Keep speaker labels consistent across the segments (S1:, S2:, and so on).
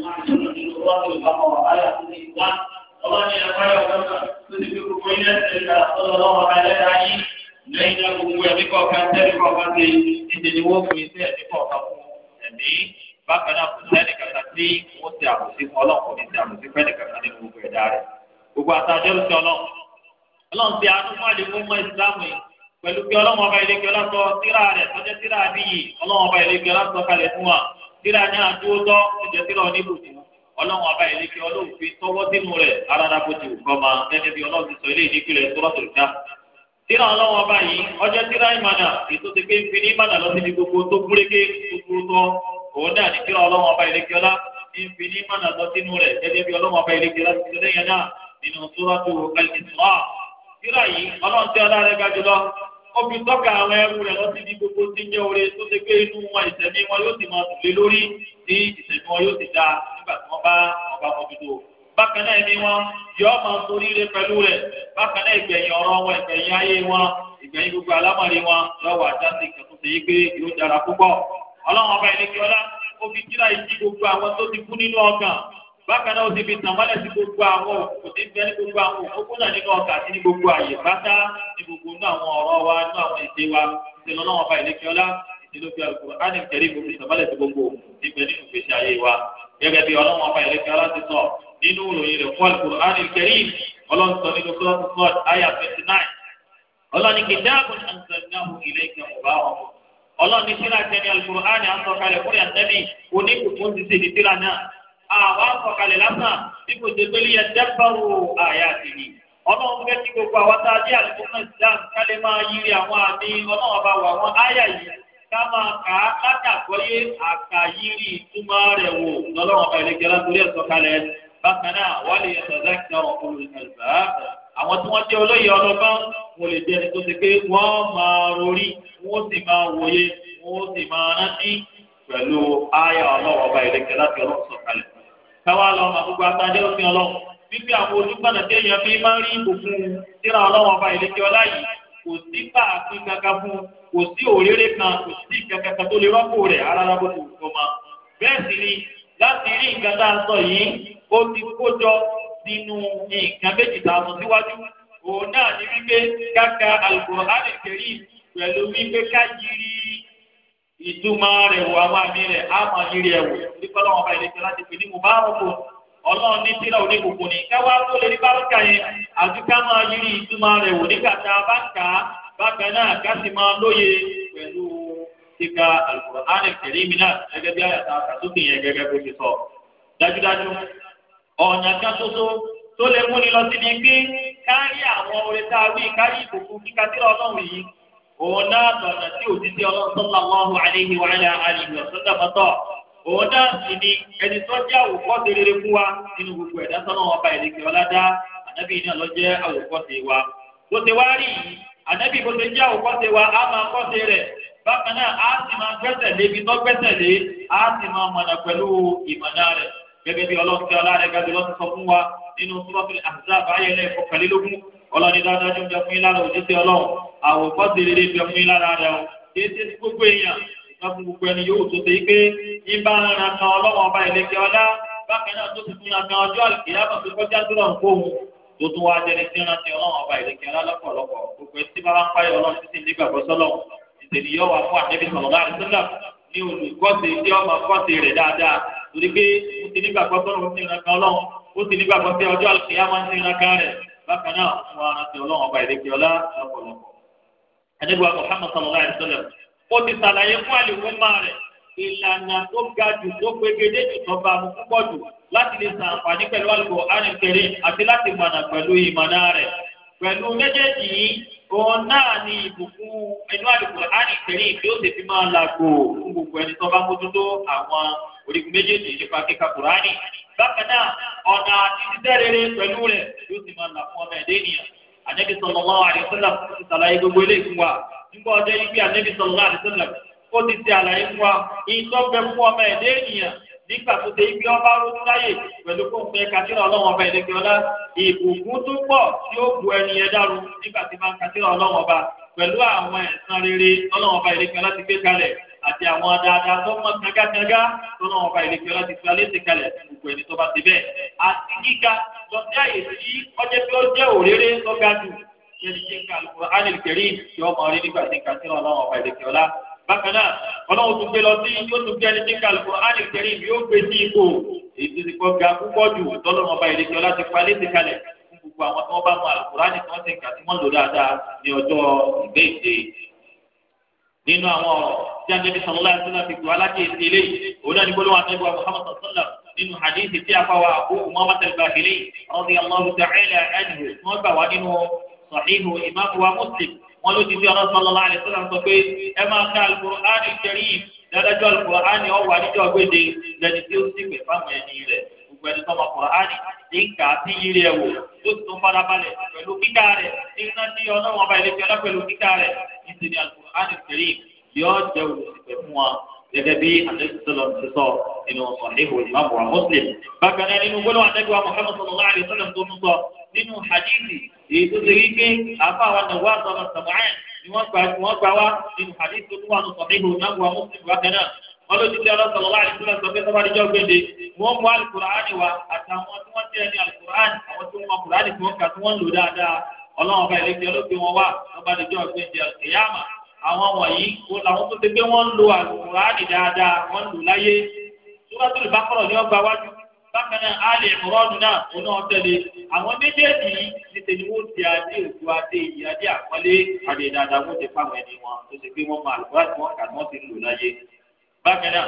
S1: lẹ́yìn náà gbogbo ẹ̀mí kọ̀ọ̀kan tẹ́lẹ̀ kọ̀ọ̀kan ṣe ìdè ni wọ́n fi sí ẹ̀mí kọ̀ọ̀kan fún ẹ̀mí bákan náà fún sẹ́ni kankan tí wọ́n ti àbòsí fún ọlọ́run ní ti àbòsí fẹ́ni kankan nínú gbogbo ẹ̀dá rẹ̀ gbogbo àtàjọ́ ló ti ọlọ́run ọlọ́run ti àánú fún àlè fún ọmọ ìsìlámù yìí pẹ̀lú pé ọlọ́run ọba ìlẹ́kẹ́ ọlọ́sọ tíra rẹ̀ tọ́jọ́ tíra àbíyì ọlọ́run ọba kalẹ̀ fún wa tíra náà dúró tọ́ ẹ̀jẹ̀ tíra oníbùsùn ọlọ́run ọba yìí kí ọlọ́run fi tọwọ́ sínú rẹ̀ arára bó ti kọ́ ma gẹ́gẹ́ bí ọlọ́run ti sọ ilé ìdíkùlẹ̀ tọ́lọ́tò ká. tíra ọlọ́run ọba yìí ọjọ́ tíra ìmọ̀nà ètò ti pé ń fi ní ìmọ̀nà lọ síbi gbogbo tó gúrégé tó dúró tọ́ òun náà ní tíra ọlọ́run ọba yìí kí ọlá ń fi ní ìmọ̀nà lọ sínú rẹ̀ gẹ́gẹ́ bí ọlọ́run ọba yìí kí ó fi tọ́ka àwọn ẹrú rẹ̀ lọ sí ibi gbogbo tí ń jẹ́ oore tó ṣe pé inú wọn ìṣẹ̀mí wọn yóò sì máa tún lé lórí tí ìṣẹ̀mí wọn yóò sì dá nígbà tí wọ́n bá ọba mọ́tòtò. bákan náà ni wọn yọ máa torí rẹ pẹ̀lú rẹ̀ bákan náà ìgbẹ̀yìn ọ̀rọ̀ wọn ìgbẹ̀yìn ayé wọn ìgbẹ̀yìn gbogbo alámọ̀rí wọn lọ́wọ́ àjáde ìkàtún ṣe yí pé yóò dára púpọ̀ ọlọ́run ọba ìlẹ́kẹ́ bákan náà ó ti fi tàn mọ́lẹ̀ sí gbogbo àwọn kò ti bẹ ní gbogbo àwọn òkú náà nínú ọkà àti ní gbogbo àyè pátá ní gbogbo inú àwọn ọ̀rọ̀ wa inú àwọn èdè wa ìṣẹ̀lẹ̀ náà ọba ìlẹ́kẹ́ọ́lá ìṣẹ̀lẹ̀ òfin àlùkò á ní ìtẹ̀rí gbogbo ìtàn mọ́lẹ̀ sí gbogbo níbẹ̀ nínú ìgbésí ayé wa gẹ́gẹ́ bí ọlọ́wọ́n ọba ìlẹ́kẹ́ọ́lá ti sọ nínú ìròyìn rẹ̀ fún àlùkò á ní ìtẹ̀rí ọlọ́run sọ nínú sọ́ọ̀tù sọ́ọ̀t àyà twenty nine ọlọ́ni kìdáàbò ní àǹtẹ̀nàmù ilé ìkẹ́ àwa sọ̀kalẹ̀ lásán bí kò ṣe pélé yẹn dẹ́gbàrú àyà sí ni ọlọ́run fẹ́ kí gbogbo àwọn tá a dé àlùkò náà islam ká lè máa yiri àwọn àmì ọlọ́run ọba wà wọ́n áyà yìí ká máa kà á láti àgbọ́yé àkàyírí ìtumọ̀ rẹ̀ wò lọ́lọ́run ọba ìlẹ́gẹ́ látòrí ẹ̀sọ́ kalẹ̀ bákan náà wà lè yẹ sọ̀dá kí ọ̀rọ̀ kó lè kàlùbá àwọn tí wọ́n jẹ́ olóyè ọlọ́gbọ́n mo lè jẹ́ ẹni tó pé wọ́n máa rorí wọ́n sì máa wòye wọ́n sì máa rántí pẹ̀lú áyà ọlọ́run ọba ìlẹ́gẹ́ láti ọlọ́run sọ̀kalẹ̀ káwá lọ mà gbogbo àtàdé òfin ọlọ́run wípé àwọn olùgbàdàn tí èèyàn fi máa ń rí ibò fún un síra ọlọ́run ọba ìlẹ́kẹ́ ọlá yìí kò sí bá a pín kankan fún un kò sí òréré kan kò sí kankan kan tó lè rọ́pò rẹ̀ arára bó ti wù ma bẹ́ẹ̀ sì ni láti rí nǹkan tá a sọ yìí ó ti kójọ nínú nǹkan méjì tá a sọ síwájú òun náà ni wípé káka Al-Qur'an al pẹ̀lú wípé ká yiri ìtumọ̀ rẹ̀ wò àwọn àmì rẹ̀ á máa yiri ẹ̀wò nípa ọlọ́run ọba ìlẹ́sẹ̀ láti pè ní mùbárùkù ọlọ́run ní tíra oníkùkù ni káwá tó lè ní bárúkà yẹn àti ká máa yiri ìtumọ̀ rẹ̀ wò nígbà tá a bá ń kà á náà ká sì máa lóye pẹ̀lú kíka náà gẹ́gẹ́ sọ. dájúdájú ọ̀nà kan tó lè múni lọ sí ni pé àwọn tá a wí òun náà lọ́nà tí òjijì sallallahu alaihi wa ala alihi wa sallam tọ̀ òun náà sì ni ẹni tó jẹ́ àwòkọ́ṣe rere fún wa nínú gbogbo ẹ̀dá sọ́nà ọba ìlẹ́kẹ̀ ọ̀làdá ànábì náà lọ jẹ́ àwòkọ́ṣe wa bó ti wá rí yìí ànábì bó ti jẹ́ àwòkọ́ṣe wa á máa kọ́ṣe rẹ̀ bákan náà á sì máa gbẹ́sẹ̀ lé ibi tó gbẹ́sẹ̀ lé á sì máa mọ̀nà pẹ̀lú ìmọ̀nà àwòkọ́ ti rere bẹ fún yín lára rẹ o kí ẹsẹ̀ tí gbogbo èèyàn wọn fún gbogbo ẹni yóò tó ṣe yí pé ìbá ń ran kan ọlọ́wọ́n ọba ìlẹ́kẹ̀ ọlá bákan náà tó ti fún yan kan ọjọ́ àlùkìyà bá tó kọjá tó rọrùn fóun tó tún wá jẹni tí ran ti ọlọ́wọ́n ọba ìlẹ́kẹ̀ ọlá lọ́pọ̀lọpọ̀ gbogbo ẹ tí bàbá ń pààyàn ọlọ́run títí nígbàgbọ́ sọ́lọ̀ ìtẹ̀lẹ̀ yọ wà fún àtẹ́bí sọ̀rọ̀ ní olùkọ́sí tí ọmọ kọ́sí rẹ̀ dáadáa torí pé ó ti nígbàgbọ́ sọ́run ti àdébùwà Muhammad sallallahu alayhi wa sallam ó ti sàlàyé fún àlùkùnmá rẹ̀ ìlànà tó ga jù tó gbégedé jù tó bá mu púpọ̀ jù láti lè sàǹfààní pẹ̀lú Al-Qur'anul Karim àti láti mọ̀nà pẹ̀lú ìmọ̀nà rẹ̀ pẹ̀lú méjèèjì yìí òun náà ni ìbùkún inú Al-Qur'anul tí ó sì fi máa làgò fún gbogbo ẹni tó bá mójútó àwọn orígun méjèèjì nípa kíka Kùránì bákan náà ọ̀nà àti títẹ́ rere pẹ̀lú rẹ̀ yóò sì máa là ọmọ ẹ̀dẹ́ ènìyàn ànẹ́bí sallallahu alaihi wasallam ti sàlàyé gbogbo eléyìí fún wa nígbà ọjọ́ yìí pé ànẹ́bí sallallahu alaihi wasallam ó ti ti àlàyé fún wa ìtọ́ bẹ fún ọmọ ẹ̀dẹ́ ènìyàn nígbà tó ṣe ibi ọba ronú láyè pẹ̀lú kó fẹ́ kátìrà ọlọ́run ọba ẹ̀dẹ́gbẹ́ ọlá ìbùkún tó pọ̀ tí ó bu ẹni ẹ dárú nígbà tí máa ń kátìrà ọlọ́run ọba pẹ̀lú àwọn ẹ̀san rere ọlọ́run ọba ẹ̀dẹ́gbẹ́ ọlá ti gbé kalẹ̀ àti àwọn dáadáa tó mọ gágágágá tó náà wọn fa ìlẹkẹ láti fi alẹ́ ti kalẹ̀ gbogbo ẹni tó bá ti bẹ́ẹ̀ àti gíga lọ sí àyè sí ọjọ́ tí ó jẹ́ òréré tó ga jù lẹ́ni tí ń ka Al-Qur'an al-Karim tí ọmọ rí nígbà tí ń ka sínú ọlọ́wọ́n fa ìlẹkẹ ọlá bákan náà ọlọ́wọ́n tún gbé lọ sí yóò tún gbé ẹni tí ń ka Al-Qur'an al yóò gbé sí ipò èyí gbogbo àwọn tí wọ́n bá mọ Al-Qur'an tí wọ́n ti ń kà tí wọ́n lò dáadáa ní ọjọ́ ìgbé nínú àwọn ọ̀rọ̀ tí anabi sallallahu alaihi wasallam fi tu alájẹ ìdílé òun náà ní gbólóhùn anabi wa muhammad sallam nínú hadith tí a fa wa abu umama talbahili radiyallahu ta'ala anhu wọn gbà wá nínú sahihu imaamu wa muslim wọn ló ti fi ọ̀rọ̀ sallallahu alaihi wasallam sọ pé ẹ máa ka alukur'an karim dáadájọ́ alukur'an ọ̀wà níjọ́ gbèdé lẹ́ni tí ó sì pè fáwọn ẹni rẹ̀ gbogbo ẹni tó ma Kùránì ti ń kà á sí yírí ẹ̀wò tó tún farabalẹ̀ pẹ̀lú kíkà rẹ̀ tí ń rántí ọlọ́wọ́n ọba ilé fiọ́lá pẹ̀lú kíkà rẹ̀ nítorí Al-Kùránì Al-Karim yóò jẹ́ olùsìnkẹ̀ fún wa gẹ́gẹ́ bí àdéhùsọ̀lọ̀ ti sọ nínú Sàhíhù Ìmáàmù wa Muslim. bákan náà nínú gbólóhùn àdéhùwà Muhammad sallallahu alaihi wasallam tó tún sọ nínú hadithi èyí tó ṣe wípé àfa àwọn nàwa sọ̀rọ̀ sàmáyà ni wọ́n gbà wá nínú hadithi tó tún wà nù Ìmáàmù wa Muslim bákan náà wọn ló ti di ọlọ́sọ̀ lọ́wọ́ àdìsílẹ̀ sọ pé sọ́ba àdìjọ́ gbèdé wọ́n mú alukur'ani wa àtàwọn tí wọ́n jẹ́ ní alukur'ani àwọn tí wọ́n mọ alukur'ani tí wọ́n kà tí wọ́n lò dáadáa ọlọ́wọ́n bá ilé jẹ́ ló fi wọn wá sọ́ba àdìjọ́ gbèdé ìyáàmà àwọn wọ̀nyí làwọn tó ti gbé wọ́n lo alukur'ani dáadáa wọ́n lò láyé suratul ni ọgbà wájú bákan náà alẹ ìmúrọ́ọ̀nù náà òun náà tẹ̀lé àwọn méjèèjì ní tẹ̀lé wọ́n ti adé òkú adé ìyí adé àpọ́nlé adé dáadáa wọ́n ti fáwọn ẹni wọn tó ti gbé wọn bákan náà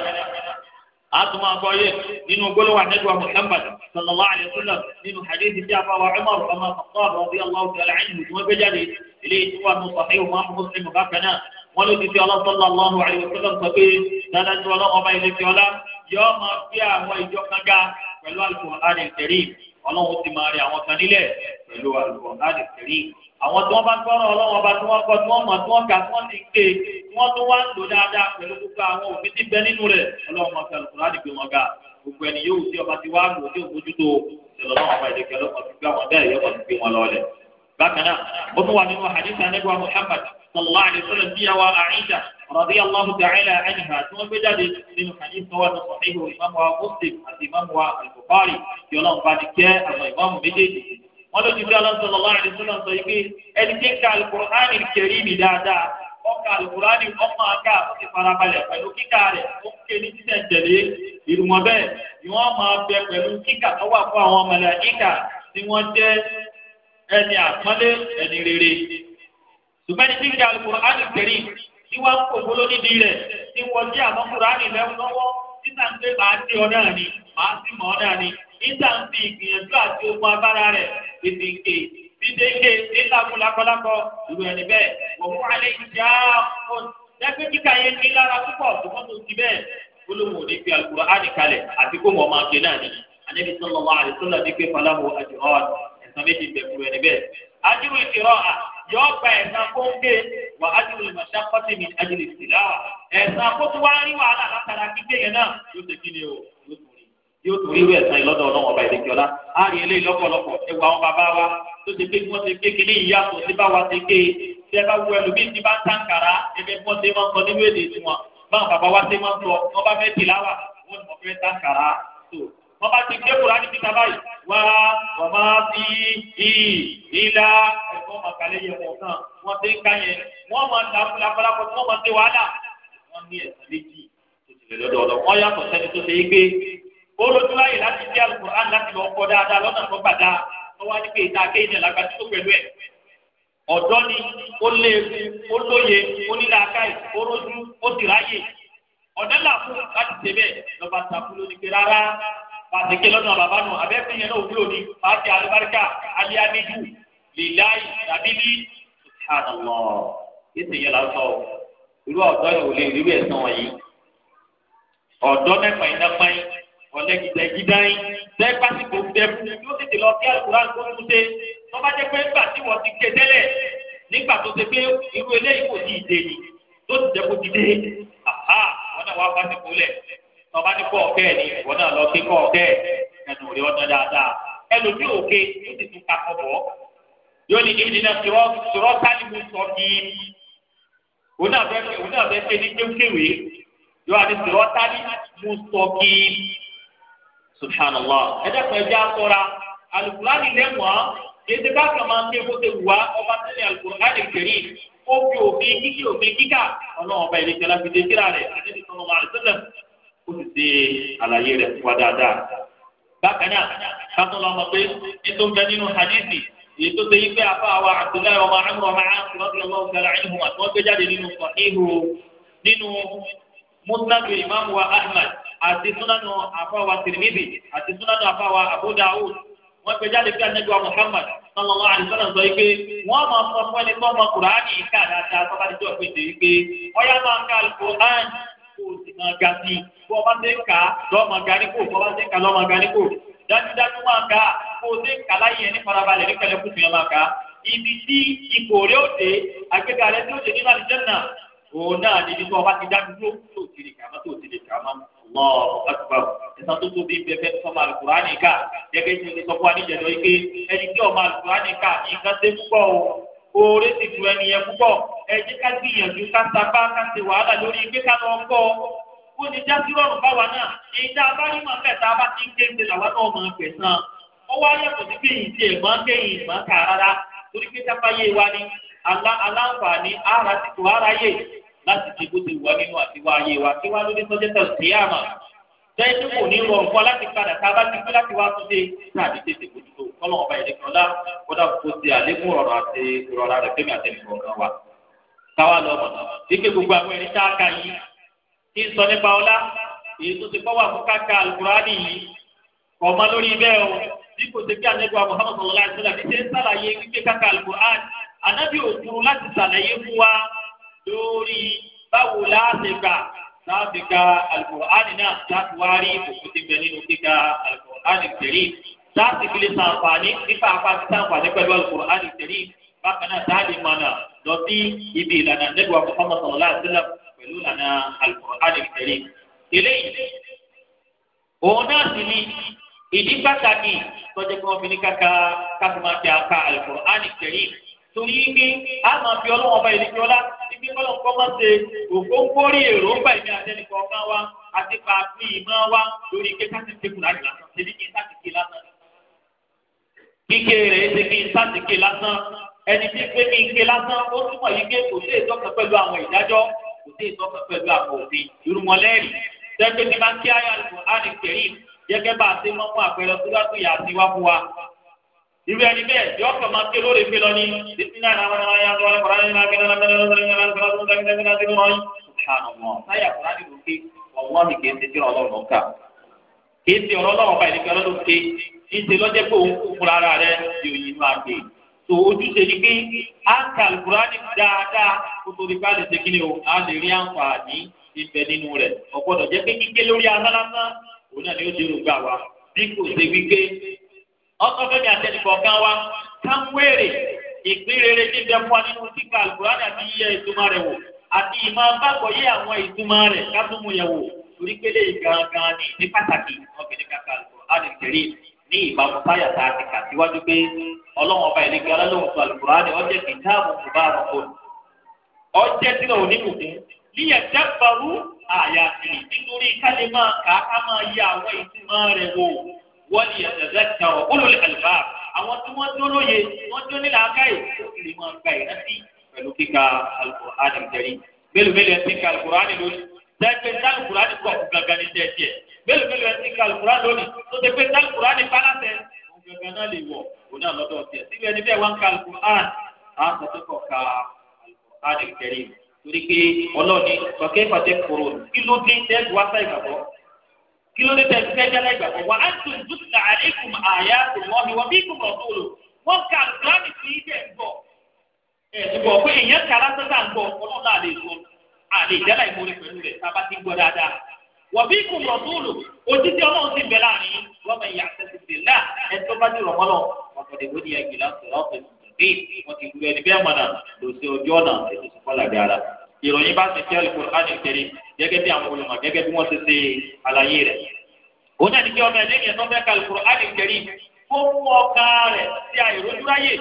S1: àtúmọ̀ àgbọ̀yé nínú gbólóhùn àdẹ́gbà Muhammad sallallahu alayhi wa sallam nínú hadith tí a fa wa Umar ọmọ Khattab radiyallahu ta'ala anhu tí wọ́n gbé jáde ilé ìtura nù sàkéwò máa mú Muslim bákan náà ló ti fi ọlọ́ sallallahu alayhi wa sallam sọ pé dáadáa tí ọlọ́ ọba ilé fi ọlá yọ ọmọ bí àwọn ìjọ kan ga pẹ̀lú al ọlọ́run ti máa rí àwọn kan nílẹ̀ pẹ̀lú àlùkò láti tẹ̀lé àwọn tí wọ́n bá gbọ́rọ̀ ọlọ́run ọba tí wọ́n kọ́ tí wọ́n mọ̀ tí wọ́n kà tí wọ́n ti ké tí wọ́n tún wá ń lò dáadáa pẹ̀lú gbogbo àwọn òbí ti bẹ nínú rẹ̀ ọlọ́run ọba àlùkò láti gbé wọn ga gbogbo ẹni yóò tí ọba ti wá lò tí òbójútó ìṣẹ̀lọ́run ọba ìdẹ́kẹ́ lọ́kàn ti radiyallahu ta'ala anha tí wọ́n gbé jáde nínú hadith tó wà ní sahihu ìmáàmù wa Muslim àti ìmáàmù wa Al-Bukhari tí ọlọ́run bá ti kẹ́ àwọn ìmáàmù méjèèjì wọ́n ló ti fi aláǹsọ̀ lọ́wọ́ àdìsọ́nà sọ yìí pé ẹni tí ń ka alukur'ani kẹrìmì dáadáa ọkà alukurani ọmọ aka ó ti farabalẹ̀ pẹ̀lú kíkà rẹ̀ ó ń ké ní títẹ̀ tẹ̀lé ìrùmọ̀ bẹ́ẹ̀ ni wọ́n máa bẹ pẹ̀lú kíkà tó wà fún àwọn màláíkà tí wọ́n jẹ́ ẹni àpọ́nlé ẹni rere ṣùgbọ́n ní kíkà alukurani kẹrìmì tí wọ́n kó ìgbóló nídìí rẹ̀ tí wọ́n jẹ́ àwọn kúránì lẹ́wọ́ lọ́wọ́ títà ń pé màá dé ọ náà ni màá sì mọ̀ ọ náà ni títà ń fi ìgbìyànjú àti ogun agbára rẹ̀ tètè ké lakọlakọ ẹni bẹ́ẹ̀ wọ́n ìjà ọ̀hún lẹ́gbẹ́ kíkà yẹn ní lára púpọ̀ ṣùgbọ́n tó ti bẹ́ẹ̀ olóhùn òní fi àti kó mọ̀ máa náà ni sọlọ yọ gba ẹ̀san kó ń gbé wà á ti lè ṣá pọ́tì mi á ti lè sì láwà ẹ̀san kó tún wá rí wàhálà látara gbígbé yẹn náà yóò ṣe kí ni o yóò tún rí irú ẹ̀san yìí lọ́dọ̀ ọlọ́wọ́n ọba ìdíkíọ́lá á rí eléyìí lọ́pọ̀lọpọ̀ ẹwà àwọn bàbá wa tó ṣe pé wọ́n ṣe pé kíní ìyá tó ṣe bá wa ṣe pé ṣe bá wọ ẹlòmíì ti bá ń tàǹkàrà ẹgbẹ́ wọ́n ṣe máa ń sọ nínú èdè tiwọn báwọn bàbá wa ṣe máa ń sọ wọ́n bá fẹ́ tìláwà wọ́n mọ̀ fẹ́ tàǹkàrà tó wọ́n bá ti gbé kúránì síta báyìí wá wọ́n máa fi ìyí ìlà ẹ̀fọ́ màkàlẹ́ yẹn wọ̀ kan wọ́n ti ń ka yẹn wọ́n máa ń dàbí lápálápọ̀ tí wọ́n máa ń ṣe wàhálà wọ́n ní ẹ̀sán méjì tó ti lè lọ́dọ̀ ọ̀dọ̀ wọ́n yàtọ̀ sẹ́ni tó ṣe é gbé ó lójú láyè láti dí alukur'an láti lọ kọ́ dáadáa lọ́nà tó gbà dáa wọ́n wá ní pé ìta akéyìn ẹ̀ lágbàtí tó pẹ̀lú ẹ̀ ọ̀dọ́ ni ó léwu ó lóye ó nílò akáyì ó rójú ó sì ráyè ọ̀dọ́ làkú láti ṣe bẹ́ẹ̀ lọ́ba sàkú ló pé rárá fàtìkì lọ́nà bàbá nù abẹ́fẹ́ yẹn náà wúlò ní fàtì alibarika aliamiju lilayi sabili subhanallah yíṣẹ́ yẹn lásán o irú ọ̀dọ́ yẹn ò lè rí wẹ̀ sàn wọ̀nyí ọ̀dọ́ nẹ́pà iná pẹ́yì ọ̀lẹ́gidẹ gidan tẹ́ pásítọ̀ dẹ́kun yóò tètè lọ sí alukuran tó tún ṣe tó bá jẹ́ pé nígbà tí wọ́n ti ké tẹ́lẹ̀ nígbà tó ṣe pé irú eléyìí kò tí ì tọba ní kọ́ ọ̀kẹ́ ni ìwọ náà lọ sí kọ́ ọ̀kẹ́ ẹnu rí ọdún dáadáa ẹnu tí òkè tó ti tún kakọ bọ̀ yóò ní ibi náà sọ̀rọ̀ sálímù sọ yìí òun náà fẹ́ ṣe ní kéwkéwé yóò àti sọ̀rọ̀ sálímù sọ yìí subhanallah ẹ̀dá kan ẹja sọ̀ra alukurani lẹ́wọ̀n ètò káàkiri máa ń ké kó ṣe ọba tẹ́lẹ̀ alukurani kẹrì ó fi òfin kíkì òfin kíkà ọlọ́run ọba ìrètí aláfíìsì síra rẹ̀ àti ìsọ̀rọ̀ ó sì ṣe àlàyé rẹ̀ fún wa dáadáa. bákan náà kátó lọ mọ̀ pé ètò ń bẹ nínú hadithi èyí tó ṣe yípe afa àwa Abdullahi ọmọ amúrò ọmọ amúrò ọmọ ọmọ ọmọ ọmọ àìhùn àti wọn gbé jáde nínú sahihu nínú musnadu imaamu wa Ahmad àti sunanu afa wa Tirmidhi àti sunanu afa wa Abu Dawud wọn gbé jáde pé anabi wa Muhammad sallallahu alaihi wasallam sọ pé wọn máa fọ fún ẹni tó ọmọ kùránì ká dáadáa tó bá pé dèrí pé ọyá máa ń ká alukóhánì kò sì máa ga sí i bó ọba ṣe ń kà á lọ́mọ garí kò bó ọba ṣe ń kà lọ́mọ garí kò dájúdájú máa kà á kó o ṣe ń kà láyé ẹni farabalẹ̀ ní kẹlẹ́kùn fi hàn máa kà á ibi tí ipò rẹ ó dé àgbéga rẹ tí ó dé nínú àlùjànnà òun náà ni nígbà ọba ti dájú ló tó ti lè kà á tó ti lè kà á mọ́ lọ́ọ̀rọ̀ àtúbà ẹ̀sán tó tóbi bẹ́ẹ̀ sọ́mọ àlùkùránì ká gẹ́gẹ́ bí mo ti sọ fún wa níjẹ̀dọ̀ yìí pé ẹni tí ọmọ oore si tu ẹni yẹn púpọ̀ ẹ jẹ́ ká gbìyànjú ká sapá ká ṣe wàhálà lórí pé ká lọ kọ́ ó ní já sí rọrùn báwa náà èyí tá a bá rí màá bá ti ń làwa náà máa ó wá sí kéyìn tí kéyìn kà rárá torí pé wa ni aláǹfààní ara ti tó ara yè láti ṣe bó ti wà nínú wa kí wá lẹ́yìn tí kò ní rọrùn fún wa láti padà tá a bá ti gbé láti wá tún dé tàbí tètè bójútó kọ́lọ́ ọba yẹn lẹ́kọ̀ọ́ lá kódà kó ti àlékún ọ̀rọ̀ àti ìrọ̀rọ̀ rẹ̀ fẹ́mi àti ẹnìkan kan wa. táwa lọ mọ̀nà ike gbogbo àwọn ẹni tá a kà yìí kí n sọ nípa ọlá èyí tó ti kọ́ wà fún káka alukurani yìí ọmọ lórí bẹ́ẹ̀ o bí kò sí kí anẹ́gbà Muhammad sallallahu alaihi láti ka alukur'ani náà láti wá rí ìbùkún ti bẹ nínú kíka alukur'ani tẹ̀lé láti fi lè sàǹfààní nípa apáti sàǹfààní pẹ̀lú alukur'ani tẹ̀lé bákan náà dáàlì mọ̀nà lọ sí ibi ìlànà nígbà Muhammad sallallahu alaihi wasallam pẹ̀lú ìlànà alukur'ani tẹ̀lé. eléyìí òun náà sì ni ìdí pàtàkì tọ́jú pé wọ́n fi ní kaka kásìmáṣe apá alukur'ani tẹ̀lé torí pé a máa fi ọlọ́wọ́n ọba ìlú jọlá ibi kọ́lọ̀ kọ́ máa ṣe òkóńkórí èròǹgbà ìmí àtẹnìkọ̀ ọ̀gá wa àti pàápín ìmọ̀ wa lórí ike káṣí ṣe kùnà àdìlá ṣe ní kí n sáàtìkì lásán. kíkẹ́ rẹ̀ ṣe kí n sáàtìkì lásán ẹni tí pé kí n ké lásán ó túmọ̀ yìí pé kò sí ìtọ́kàn pẹ̀lú àwọn ìdájọ́ kò sí ìtọ́kàn pẹ̀lú àwọn òfin ìrùmọ̀lẹ́rì ibi ẹni bẹ́ẹ̀ yọ ọkọ máa ké lórí fi lọ ní bisimilá ìlànà ìlànà ìyá tó wà lẹkọọ láyé náà kẹlẹ lọdọ lọdọ lọdọ lọdọ lọdọ lọdọ lọdọ lọdọ lọdọ lọdọ subhanallah sáyà kúrò láti lò ké ọwọ́ mi kì í ṣe tíra ọlọ́run ọ̀ka kì í ṣe ọ̀rọ̀ ọlọ́run ọ̀ka ìdíkẹ́ ọlọ́run ké kì í ṣe lọ́jẹ́ pé òun kú fúnra ara rẹ ti òyìn máa gbé tó ojúṣe ni pé a kà lùkùránì dáadáa kó torí ká lè ṣe kí ni o a lè rí àǹfààní ìfẹ́ nínú rẹ̀ ọ̀gbọ́dọ̀ jẹ́ pé kíké lórí asálásá òun náà ni ó ṣe rògbà wa bí kò ṣe wípé ọtọ fẹmi àtẹnukọ̀ọ̀kan wa ká ń wéèrè ìpín rere ní bẹ fún wa nínú síkà àlùkùránì àti yíyẹ ìtumọ̀ rẹ̀ wò àti ìmọ̀ abákọ̀ yé àwọn ìtumọ̀ rẹ̀ ká tún mú yẹ̀ wò torí pé léyìí gangan ni ní pàtàkì ọkùnrin kàkà àlùkùránì kẹrì ní ìbámu táyà tá a ti kà síwájú pé ọlọ́wọ́n ọba ìlẹ́gbẹ́ alálòhùn tó àlùkùránì ọjẹ́ kìtáàbù mubarak ọjẹ́ sílẹ̀ onímùkún níyẹn dábàrú àyà sí nítorí ká máa kà á máa yẹ àwọn ìtumọ̀ rẹ̀ wò wọ́n lè ẹ̀dẹ̀ ta ọ̀ kó ló lè àlùfà àwọn tí wọ́n dúró lóye wọ́n dúró nílà akáyè ó sì lè máa gba ìrántí pẹ̀lú kíka alukur'ani kẹrin mélòó mélòó ẹtí ka alukur'ani lónìí sẹ́gbẹ́ tí alukur'ani kọ̀ fún gangan ní tẹ̀ tiẹ̀ mélòó mélòó ẹtí ka alukur'ani lónìí tó ti pé tí alukur'ani bá láṣẹ òun gangan náà lè wọ̀ òun náà lọ́dọ̀ tiẹ̀ síbi ẹni bẹ́ẹ̀ wá ń ka alukur'ani á sọ pé kọ̀ ka alukur'ani kí ló dé tẹ̀ sí ẹjẹ́ lẹ́gbẹ̀ẹ́ wà á tún dúkìá àlékún àyà tó mọ́ mi wọ́n bí kò mọ̀ tó lò wọ́n ka àlùkùránì sí ibẹ̀ ń bọ̀ ẹ̀dùbọ̀ pé èèyàn kàrá sọ́sà ń bọ̀ ọlọ́run náà lè àlè ìjẹ́lá ìmúre pẹ̀lú rẹ̀ tá a bá ti gbọ́ dáadáa wọ́n bí kò mọ̀ tó lò òjijì ọlọ́run ti bẹ̀ láàrin wọ́n mọ̀ ìyá náà ẹ̀ tó bá ti rọ̀ mọ́ lọ ọ̀pọ̀lọpọ̀ wọ́n ti gbé ẹni gẹ́gẹ́ bí àwọn olùmọ̀ gẹ́gẹ́ bí wọ́n ṣe ṣe àlàyé rẹ̀. òun náà ní kí ọmọ ẹlẹ́yìn ẹ̀sán fẹ́ kàlù kúrò áàdì kẹrì kó mú ọkà rẹ̀ sí àìrójúráyè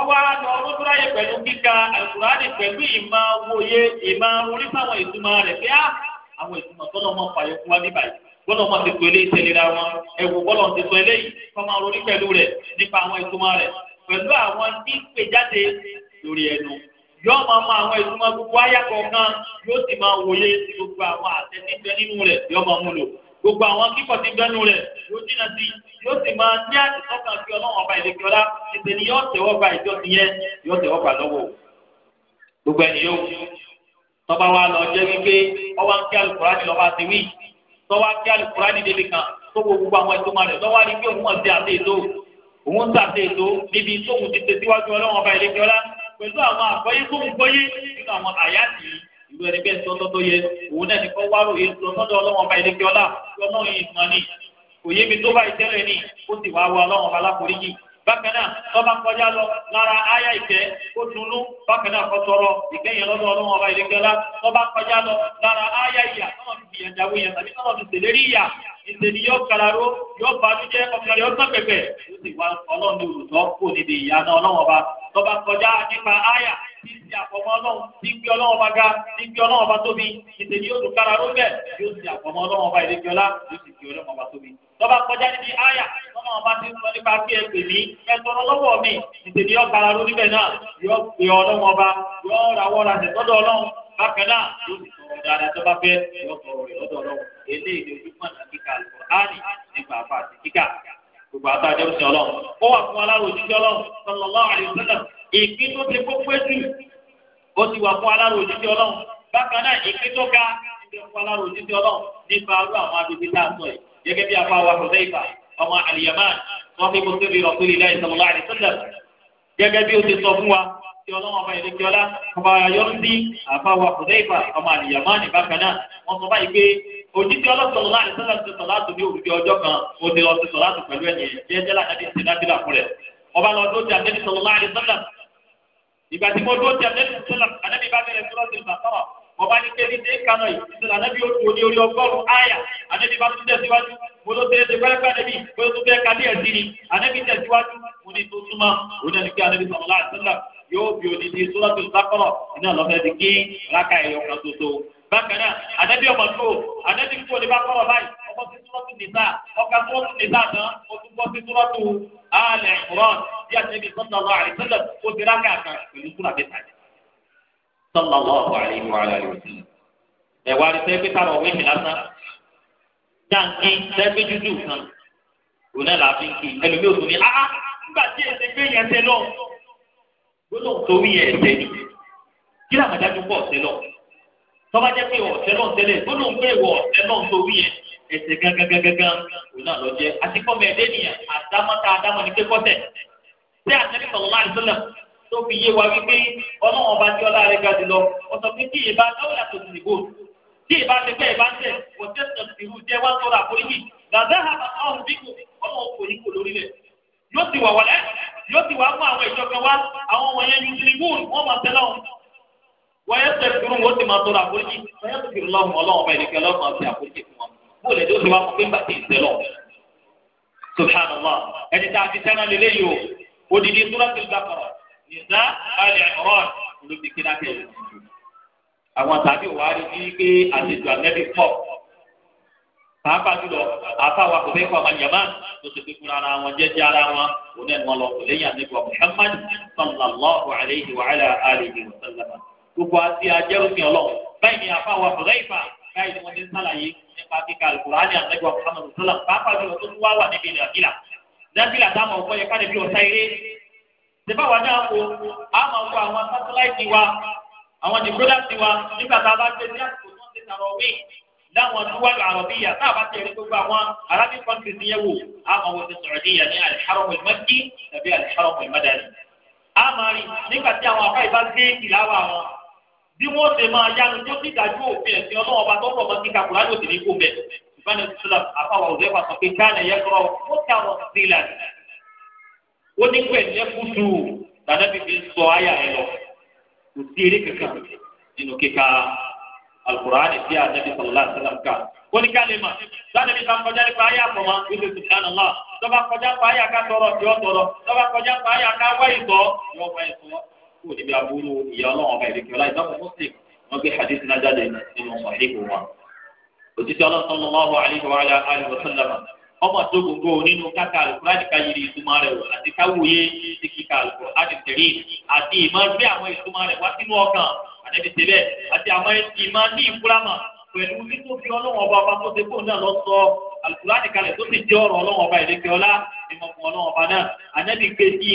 S1: ọba àti ọlọ́dúnráyè pẹ̀lú kíka àìkúrádì pẹ̀lú ìmọ̀ wòye ìmọ̀ onífàwọn ìtumọ̀ rẹ̀ pé ah, àwọn ìtumọ̀ tọ́lọ́ mọ́ fàyè fún wa níbàyí gbọ́dọ̀ mọ̀ ti tó eléyìí tẹ̀léra wọn ẹ̀wù gbọ́dọ̀ ti sọ eléyìí kọ́ máa pẹ̀lú rẹ̀ nípa àwọn ìtumọ̀ rẹ̀ pẹ̀lú àwọn tí ń pè jáde lórí ẹnu yóò máa mọ àwọn ìtumọ̀ gbogbo àyà kọ̀ọ̀kan yóò sì máa wòye sí gbogbo àwọn àṣẹ tí ń bẹ nínú rẹ̀ yóò máa mú lò gbogbo àwọn kíkọ̀ tí bẹ́nu rẹ̀ yóò jìnnà sí yóò sì máa ní àtìsọ́kàn fi ọlọ́run ọba ìlẹ́kẹ́ ọlá ìṣẹ̀ ni yóò tẹ̀wọ́ gba ìjọ nìyẹn yóò tẹ̀wọ́ gba lọ́wọ́ gbogbo ẹni yóò tọ́ba wa lọ jẹ́ wípé ọba ń kí alukurani lọ́ba ti wí tọ́wá kí alukurani délé kan tó wo gbogbo àwọn ìtumọ̀ rẹ̀ lọ́wọ́ rí pé pẹ̀lú àwọn àgbọ́yé tó ń gbọ́yé nínú àwọn àyàtì ìlú ẹni bẹ́ẹ̀ tọ́tọ́ tó yẹ òun náà nìkan wá ròyìn lọ sọ́dọ̀ ọlọ́wọ́n ọba ìlẹ́kẹ́ ọlá tí ọlọ́run yìí mọ̀ ni kò yé mi tó bá ìtẹ́lẹ̀ ni ó sì wá wọ ọlọ́run ọba aláforíjì bákan náà tọ́ba kọjá lọ lára áyà ìkẹ́ kó dunnú bákan náà kó tọrọ ìkẹyìn lọ́dọ̀ ọlọ́wọ́n ọba ìlẹ́kẹ́lá tọ́ba kọjá lọ lára áyà ìyà tọ́wọ́n fi gbìyànjáwó yẹn tàbí tọ́wọ́n fi ṣèlérí ìyà ìṣèlú yóò kalaro yóò bàjújẹ́ ọkàn rẹ̀ ọ̀sán pẹ̀pẹ̀ ó sì wá ọlọ́run ní olùtọ́ kó níbi ìyá náà ọlọ́wọ́n ọba tọ́ba kọjá nípa áyà tí ń ti àfọmọ́ ọlọ́run tí ń gbé ọlọ́run ọba ga tí ń gbé ọlọ́run ọba tóbi ìṣe ni yóò tún kára ló bẹ̀ yóò ti àfọmọ́ ọlọ́run ọba ìdíje ọlá yóò sì gbé ọlọ́run ọba tóbi. tọ́ba kọjá níbi àyà ọlọ́run ọba ti ń sọ nípa kí ẹ pè mí ẹ tọrọ lọ́wọ́ mi ìṣe ni yóò kára ló níbẹ̀ náà yóò gbé ọlọ́run ọba yóò rawọ́ ra tẹ̀ tọ́dọ̀ ọlọ́run bákan náà yóò sì sọ̀rọ̀ dáadáa tó bá fẹ́ yóò sọ̀rọ̀ rẹ̀ lọ́dọ̀ ọlọ́run eléyìí ni ojúmọ̀ náà kíkà Al-Qur'ani ìpín tó ti kó pé jù ó ti wà fún alárò òjijì ọlọ́run bákan náà ìpín tó ga ti fún alárò òjijì ọlọ́run nípa arú àwọn agbègbè tá a sọ yìí gẹ́gẹ́ bí apá wa kọ̀ọ̀dẹ́ ìfà ọmọ àlìyàmáà wọn fi kó síbi ọ̀túnlẹ̀ láì sọ̀rọ̀ láì sọ̀rọ̀ gẹ́gẹ́ bí ó ti sọ fún wa tí ọlọ́run ọba ìrèké ọlá ọba yọrù sí àfa wa kọ̀ọ̀dẹ́ ìfà ọmọ àlìyàmáà bákan náà wọ́n sọ báyìí pé òjijì ọlọ́sọ̀rọ̀ láti sọ́lá ti sọ̀lá tó ní òrùjọ ọjọ́ kan ó ti lọ sí pẹ̀lú ẹ̀yìn jẹ́jẹ́ láti ṣe dájú làkúrẹ̀ ọba lọ́dún ti àtẹ́bí sọ̀rọ̀ láti sọ́lá ìgbà tí mo dúró ti àtẹ́lẹ̀ sọ́lá ànábì bá bẹ̀rẹ̀ sọ́lá ti bà sọ́rọ̀ mo bá ní kéde dé kánò yìí sọ́lá ànábì ó tu orí ọgọ́rùn-ún àyà ànábì bá tún tẹ̀síwájú mo ló tẹ̀lé tẹ̀síwájú ànábì bóyá tó fẹ́ kálí ẹ̀ síni ànábì tẹ̀síwájú mo ní tó súnmọ́ òun náà ní kí ànábì sọ̀rọ̀ láti sọ́lá yóò fi òdìdí sọ́lá ti bà sọ́rọ̀ iná lọ́fẹ́ ti kí rákà ẹ̀yọ kan ṣoṣo bákan náà ànábì ọmọ tó ànábì kúrò ní bá kọ́rọ̀ báyìí ọkọ̀ sí túrọ́tù nìta ọkọ̀ túrọ́tù nìta tán ó tún bọ́ sí túrọ́tù Al Imran bí àtẹ́bí sọ́nà lọ́wọ́ àrísọ́lẹ̀ ó ti rákà kan pẹ̀lú kúrò àbẹ́tà ni sọ́nà lọ́wọ́ àríwá àríwọ̀sílẹ̀ ẹ̀wà àrísọ́ ẹgbẹ́ táwọn ọ̀wé mi lásán jáǹkì lẹ́gbẹ́ dúdú kan òun náà láti ń kí ẹlòmí òtún ní áá nígbà tí èsè gbé yẹn tẹ lọ gbólóhùn tó wí yẹn ẹsẹ ni kí làwọn adájú pọ̀ ọ̀sẹ̀ lọ tọ́ba jẹ́ pé ọ̀sẹ̀ lọ tẹ́lẹ̀ gbólóhùn pé ìwọ ọ̀sẹ̀ lọ tó yẹn ẹsẹ̀ gángan gángan òun náà lọ jẹ́ àtikọ́mọ ẹ̀dẹ́ nìyẹn àdámọ́ta àdámọ́ pé kọ́tẹ̀ tí àtẹ́lẹ́ sọ̀rọ̀ máa ń sọ́lẹ̀ tó fi yé wa wípé ọlọ́run ọba tí ọlá rẹ̀ ga jù lọ ọ̀sọ̀ pé tí ìbá dáwọ́lá tó ti bò tí ìbá ti pẹ́ ìbá tẹ̀ kò tẹ́ sọ̀ tìrú jẹ́ wá sọ̀rọ̀ àforíjì gàdá àbá ọ̀hún bí kò ọlọ́run kò ní kò lórí rẹ̀ yóò ti wà wọlé yóò ti wà fún àwọn ìjọba wa àwọn ọmọ yẹn yunifásitì bùn wọn máa tẹ́lẹ̀ ọ̀hún wọ́n yẹ sẹ́ fìrún wọ́n ti máa tọrọ àforíjì wọ́n yẹ sẹ́ fìrún lọ́wọ́ ọlọ́run ọba ìdíkẹ́ lọ́wọ́ àti àforíjì fún wọn bóòlù ẹ̀dọ́ ti wá fún pé ń bá ti ń tẹ́lọ̀ subhanallah ẹni tá a fi sẹ́ran lélẹ́yìí o odidi suratul Baqara nisa ali imran ló fi kí lábẹ́ ìlú àwọn tàbí wàhálì bíi pé àlejò ànẹ́bí pọ̀ pàápàá jùlọ àfàwà kò fẹ́ kọ́ àwọn yamá tó ti fi kúra ara wọn jẹ́jẹ́ ara wọn kò nẹ́nu wọn lọ kò lẹ́yìn ànẹ́bí Muhammad sallallahu alayhi wa ala alihi wa sallam gbogbo àti ajẹ́rùmí ọlọ́run báyìí ni àfàwà Hudhayfa báyìí ni wọ́n ti sálàyé nípa kíkà Al-Qur'ani ànẹ́bí wa Muhammad sallam pàápàá jùlọ tó tún wá wà níbi nábìlà táwọn ọkọ yẹ káde bí ọ̀tá eré ṣèbá wa náà wo a máa wo àwọn sátáláìtì wa àwọn nìgbódàsí wa nígbà tá a bá gbé ní àsìkò tó ń ṣe tààrọ̀ wí láwọn tó wà lọ àrọ̀bíyà tá a bá tẹ̀lé gbogbo àwọn arábí kọ́ńtì ti yẹ wò a máa wo ti Saudiya ní al-Haram al-Makki tàbí al-Haram al-Madani. a máa rí nígbà tí àwọn afá ìbá gbé ìlàwọ̀ àwọn bí wọ́n ṣe máa yánu tó ti dájú òfin ẹ̀sìn ọlọ́wọ́ bá tó pọ̀ mọ́ kíkà kùrá yóò sì ní kó bẹ́ẹ̀ ìbáni sọlá àfàwà òde fà sọ pé káàní yẹ kọ́ ó ti àwọn sílẹ̀ ó ní pẹ̀ ní ẹkútù dáná bíbí sọ àyà ẹ lọ kò sí eré kankan nínú kíka alukur'ani tí a nàbí sọlá sọlá ká ó ní káàní mà dáná bíbí sàkọjá nípa àyà àfọmọ ìlú sùkánà náà tọ́ba kọjá pa àyà ká tọrọ yọ tọrọ tọ́ba kọjá pa àyà ká wáyé sọ yọ wáyé sọ kó o níbi òtítọ́ ọlọ́sọ̀lọ́ lọ́wọ́ àlejò àlẹ́ àlùbọ̀sọ̀lọ́mà ọmọ tó gbogbo nínú káka alukurani ká yiri ìtumọ̀ rẹ̀ wò àti káwòye ti kíka alukurani àti tẹ̀lé àti ìmọ̀ gbé àwọn ìtumọ̀ rẹ̀ wá sínú ọkàn àtẹ̀bí tẹ̀lẹ̀ àti àwọn ìmọ̀ ní ìfúramà pẹ̀lú nítorí ọlọ́wọ́n ọba ọba tó ṣe fóun náà lọ sọ alukurani kalẹ̀ tó sì jẹ́ ọ̀rọ̀ ọlọ́wọ́n ọba ìlẹ́kẹ́ ọlá ìmọ̀ ọlọ́wọ́n ọba náà ànábì gbé sí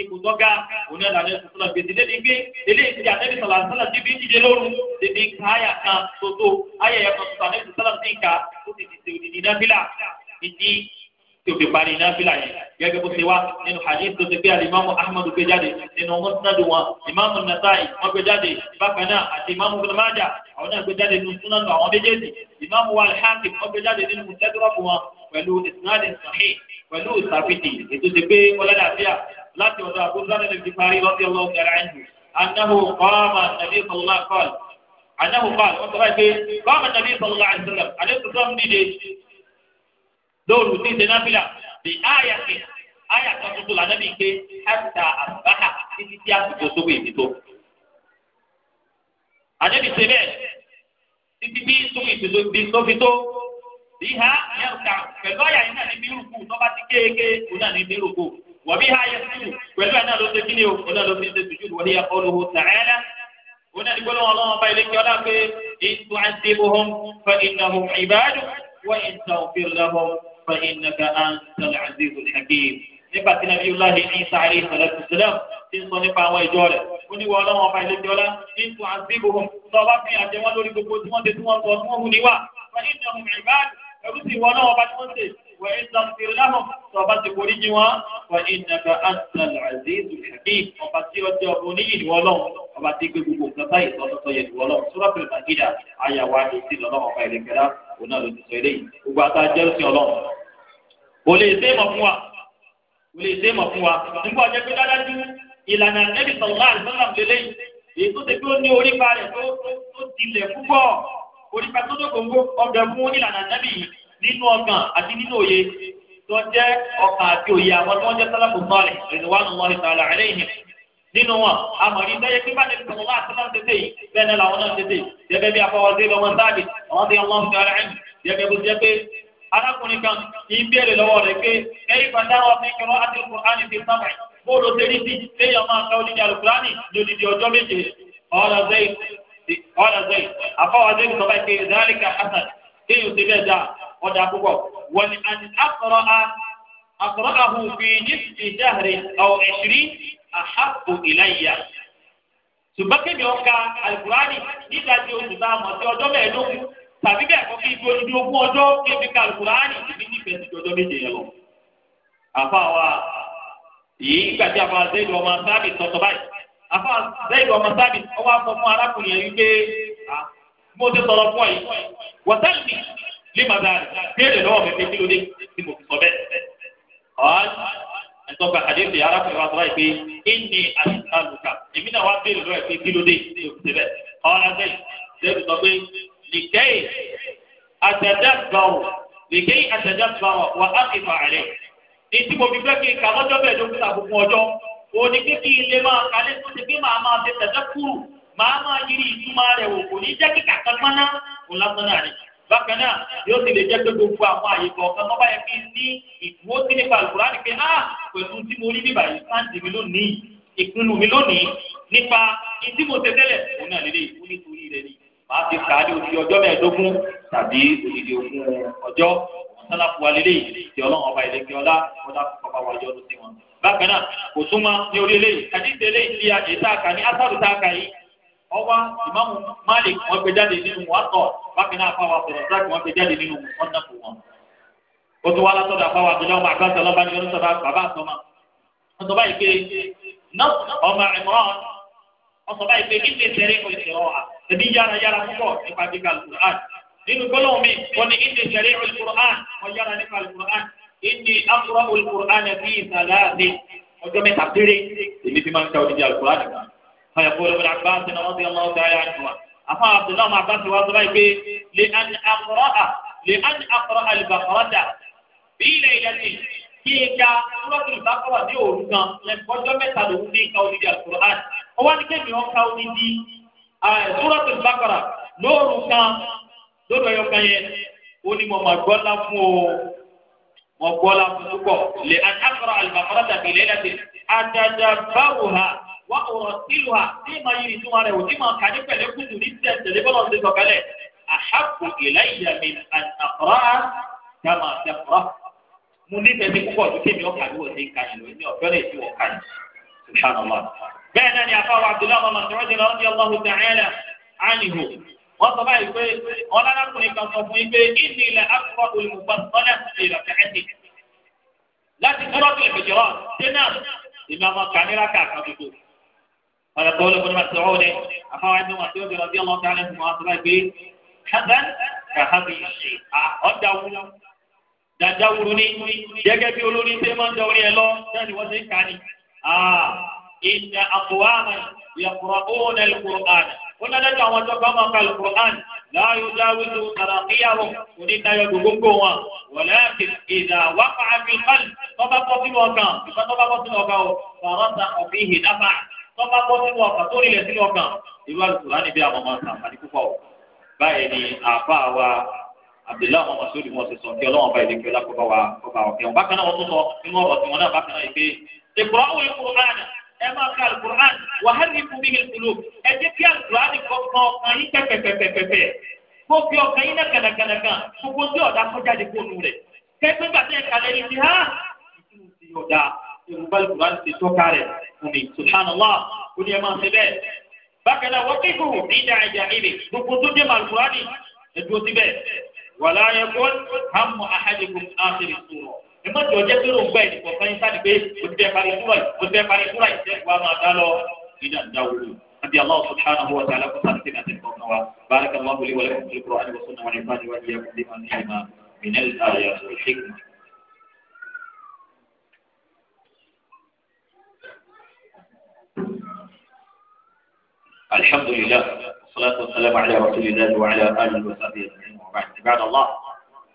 S1: ipò tọ́gá òní ọ̀là àdéhùn sọ̀tọ̀ gbèsè débi gbé eléyìí ti àdébí sọ̀lá sọ̀lá ti fi ń dìde lóru débi káyà kan soso ayẹyẹ kan soso àdébí sọ̀lá ti ń ka ó ti ti ṣe òdìdí náfìlà ìdí tí o fi parí náfìlà yẹn gẹ́gẹ́ bó ṣe wá nínú hadith tó ti pé alimami ahmadu gbé jáde nínú musnadu wọn imamu nasai wọn gbé jáde bákan náà àti imamu gbẹdẹmájà àwọn náà gbé jáde nínú sunanu àwọn méjèèjì imamu alhakim wọn gbé jáde nínú mustadrak wọn pẹ̀lú isnadin sahih pẹ̀lú ìsàfihàn ètò ti pé ọlọ́dà láti ọ̀dọ̀ àbúzánà lè fi parí lọ́sí ọlọ́run yàrá ẹ̀jù anáhù kọ́ọ̀mà nàbí sọlọ́lá kọ́ọ̀l anáhù kọ́ọ̀l wọ́n sọ fẹ́ pé kọ́ọ̀mà nàbí sọlọ́lá àìsílẹ̀ àdéhùsọ́ níde lóòrù ní ìdè náfìlà bí áyà pé áyà kan tuntun lànàbí pé áta àbáhà títí tí àsìkò sówó èmi tó. àdébì ṣe bẹ́ẹ̀ títí bí sówó èmi tó fi tó bí ha yẹ̀rù kà pẹ̀lú àyà yìí náà ní mírùkù tó bá ti kéèké òun náà ní mírùkù wàbí ha yẹ sùn pẹ̀lú ẹ̀ náà ló ṣe kí ni o òun náà ló fi ṣe sùjú wọ́n yẹ ọlọ́hu tààlà òun náà gbọ́dọ̀ wọn lọ́wọ́ bá ilé kí ọlá pé ètò àdébòhom fa ìnáwó ìbáàdù wọ́n ìta òfin lọ́wọ́ fa ìnáka àǹtàlà àdébò hakim. nígbà tí nàbí ọláhi ìsà àrí ìsàlẹ̀tù sílẹ̀m ti sọ nípa àwọn ìjọ rẹ̀ ó ní wọ́n lọ́wọ́ bá ilé kí ọlá ètò àdébòhom tó ọba fi àjẹwọ́n lórí gbogbo tí wọ́n ti tí wọ́n sọ tí wọ́n hù níwà fa ìnáwó ìbáàdù ẹ̀rú sì wọ́n náà ọba tí wọ́n ṣe wà ń sàkiri láhùn tó ọba ti borí jí wọn wà ń nàbà àtàl àzízù hakim ọba tí ó jẹ ọba oníyìn ìwọ lọhùn ọba tí gbé gbogbo nǹkan báyìí lọ́sọ̀tọ̀ yẹ ìwọ lọhùn suratul àyàwó àti ìsìn ọba ìlẹ̀kẹ̀rá òun náà ló ti gbogbo àtàjẹ́ òsì ọlọ́run kò lè mọ̀ fún wa kò lè mọ̀ fún wa nígbà jẹ́ pé dájú ìlànà ẹ̀rí sọ̀rọ̀ àlùfáà lélẹ́yìn nínú ọkàn àti nínú òye tó jẹ́ ọkàn àti òye àwọn tó ń jẹ́ sálàkù mọ́lẹ̀ ìdíwánu mọ́lẹ̀ tààlà àlẹ́yìn nínú wọn amọ̀rí ìdáyẹ pé bá nẹbi sọ̀rọ̀ láti náà tètè yìí bẹ́ẹ̀ náà làwọn náà tètè gẹ́gẹ́ bí afọwọ́sí lọ́wọ́ sáàbì àwọn tí wọ́n ń tẹ ara ẹ̀ gẹ́gẹ́ bó jẹ́ pé arákùnrin kan kì í béèrè lọ́wọ́ rẹ̀ pé ẹ̀yìn bàtà wọn fi kẹrọ àti kùránì ọ̀dà púpọ̀ wọ́n ni àti àkọ́rọ́ a àkọ́rọ́ àhùn fi níbi dáhìrì àwọn ẹ̀ṣirí àhàbò ìláyà. ṣùgbọ́n kébì ọ̀ka alukurani nígbàdí oṣù tá a mọ̀ sí ọjọ́ mẹ́ẹ̀ẹ́dógún tàbí bẹ́ẹ̀ kọ́ kí ibi odidi ogún ọjọ́ kébì ká alukurani ibi nífẹ̀ẹ́ ti dọjọ́ méje yẹn lọ. àfa wa yìí gbàdí àfa zayidu ọmọ sábì tọ̀tọ̀ báyìí àfa zayidu ọmọ sábì ọwọ́ àfọ fún arákùnrin yẹn wípé ah, mo ti sọ̀rọ̀ fún ọ yìí wọ́n límàdà béèrè lọ́wọ́ mi pé kí ló dé tí mo fi sọ bẹ́ẹ̀. ọ̀hán ẹ̀tọ́ gba àdéhùn yàrá fún ìwà sọ́ra ìpè ìní àlùkà èmi náà wá béèrè lọ́wọ́ ìpè kí ló dé tí mo fi ṣe bẹ́ẹ̀. ọ̀hán àgbẹ̀ ṣẹ́bi sọ pé nìkẹ́yì àtẹ̀dá gbọ̀ọ̀ nìkẹ́yì àtẹ̀dá gbọ̀ọ̀ wà á ti fà rẹ̀. ètí mo fi fẹ́ kí n kà lọ́jọ́ bẹ́ẹ̀ dókítà gbogbo ọjọ́ òní pé kí ilé máa kalẹ̀ bákan náà yóò sì lè jẹ́ pé gbogbo àwọn àyè kọ̀ọ̀kan tó bá yẹ kí n ní ìdúró sí nípa ni. pé á ah, pẹ̀lú tí mo rí bíbà yìí sáǹtì mi lónìí ìpinnu mi lónìí nípa ìdí mo ṣe tẹ́lẹ̀ òun náà lélẹ̀ ìkú nítorí rẹ̀ ni màá ti kà á ní oṣù ọjọ́ mẹ́ẹ̀ẹ́dógún tàbí òdìdí ogún ọjọ́ sálàpù wa lélẹ̀ ìdí ọlọ́run ọba ìlẹ̀kí ọlá ọlá bàbá wa yọ ọdún sí wọn. bákan náà kò súnmọ́ ní orí eléyìí àdídé eléyìí ti ọwá ìmáàmù Malik wọ́n gbé jáde nínú wàtọ bákan náà fáwọn abdulrasaq wọ́n gbé jáde nínú ọ̀nàfù wọn. ó ti wá látọ̀dọ̀ àfáwọn abdullahi ọmọ àgbàsọ lọ́ba ní ọdún sọba bàbá àtọ́mà. wọ́n sọ báyìí pé ọmọ Imran wọ́n sọ báyìí pé ìfẹ́ sẹ́rẹ́ kò ìfẹ́ ọ̀hà ẹ̀bí yára yára púpọ̀ nípa gbígbà alukur'an. nínú gbọ́dọ̀ mi wọ́n ní ìfẹ́ sẹ́rẹ́ alukur'an wọ́n yára nípa alukur'an ìdí akura alukur'an fi ìsàlẹ̀ àti ọjọ́ mẹ́ta péré èmi fi máa ń ta òdìdí alukur'an nìkan. فيقول ابن عباس رضي الله تعالى عنهما أفا عبد الله بن عباس وأصحابه لأن أقرأ لأن أقرأ البقرة في ليلة kíka lọ́sùn ìbákọ́wà ní òru kan lẹ́kọ́jọ́ mẹ́ta lòún ní ìka odidi alukur'an ó wá ní kébì ọ̀ka odidi lọ́sùn ìbákọ́wà lóòru kan lọ́dọ̀ ẹ̀yọ́ kan yẹn ó ní mo máa gbọ́lá fún o mo gbọ́lá fún púpọ̀ lè àtàkùrọ̀ àlùbáfọ́rọ́ tàbí lẹ́yìn àti àdàdà báwo ha wà ọ̀rọ̀ sílù à tí ìmọ̀ yìí ní túmọ̀ rẹ̀ ò ní máa kà ní pẹ̀lẹ́ kùtù ní tẹ̀ tẹ̀lé bọ́lá ń tẹ̀sọ̀ kálẹ̀ àhàbù ìlàyà mi àtàkùrọ̀ àgàmà àtàkùrọ̀ mo nífẹ̀ẹ́ mi púpọ̀ ju kémi ọkà bí wọ́n ti ń ka ìlú ní ọ̀fẹ́ rẹ̀ tí wọ́n ka ní subhanallah. bẹ́ẹ̀ náà ni àfáwọn abdullahi ọmọ mọ̀tòrọ́dì lọ́wọ́ ní ọlọ́hu tààlà ánìhù wọ́n sọ báyìí pé ọlọ́lákùnrin kan sọ fún yín pé ìní ilẹ̀ akọ̀rọ̀ olùmùgbà sọ́nà ìlọ kẹ́hẹ́tì láti sọ́rọ́ tó ìfẹ̀jọ́ dénà ìmọ̀ ọmọ kàníra kà kan
S2: قال قول ابن مسعود
S1: أخاه ابن مسعود رضي الله تعالى عنه وأصحابه به حبل كحبل الشيء أدعو dadawuru ni gẹ́gẹ́ bí olórí ṣe máa ń dawuri ẹ lọ náà ni wọn ṣe ń kà ní. ìnà àkùwámà yàkùrọ̀ òun ẹ̀ lùkùrọ̀án ó náà dájú àwọn ọjọ́ gbọ́mọ̀ ká lùkùrọ̀án láàyò dáwùjú kàràkíyàwó onídàáyọ̀ gbogbo wọn wọ̀lẹ́ẹ̀kì ìdá wákàá fi kálí tọ́ba bọ́ sínú ọkàn ìgbà tọ́ba bọ́ sínú ọkàn ò fọ̀rọ̀ sa ọ̀fíìhì tọ́ba bọ́ sínú ọkàn tó rílẹ̀ sínú ọkàn irú àlùkùrá níbi àwọn ọmọ sàǹfààní púpọ̀ báyìí ni àbá wa abdullahi ọmọ masoodi wọn ti sọ kí ọlọ́wọ́n bá ilé kí ọlá kọ́ba wa kọ́ba wa kẹ́wọ́n bákan náà wọ́n tún sọ nínú ọ̀rọ̀ tí wọ́n náà bákan náà yìí pé ìkùrọ̀ wọlé kùrán ẹ máa ka alukur'an wà á ní ikú bíi ìlú ẹ jẹ́ kí alukur'an kọ̀ọ̀kan ọkàn yín pẹ́pẹ́pẹ́pẹ́pẹ́ kó fi ọkàn yín náà kànàkànàkàn gbogbo tí ọ̀dà kọjá di kó nu rẹ̀ kẹ́gbẹ́gbà tẹ̀ kàlẹ́ yìí ti há ìtumù ti yọ̀dà ìrúbálù kùránì ti tọ́ka rẹ̀ fún mi subhanallah kò ní ẹ máa ṣe bẹ́ẹ̀. bákan náà wọ́n kéko ní ìdá ẹ̀jà ìrè gbogbo tó jẹ́ màlúkùránì ẹ̀dúró síbẹ̀ wàlá ẹ̀kọ́ hàmù ahadikum àṣírí sùrọ̀ ẹ má jọ jẹ́ pérò gbà ìdìbò sáyẹn sáni pé o ti fẹ́ parí súrà yìí o ti fẹ́ parí súrà yìí sẹ́kù wa máa dá lọ ìdá ìdáwòlò àbí Allah subhanahu wa ta'ala kó sáré sínú àtẹnukọ́ kan wa barakallahu li wa الحمد لله والصلاة والسلام على رسول الله وعلى آله وصحبه أجمعين وبعد عباد الله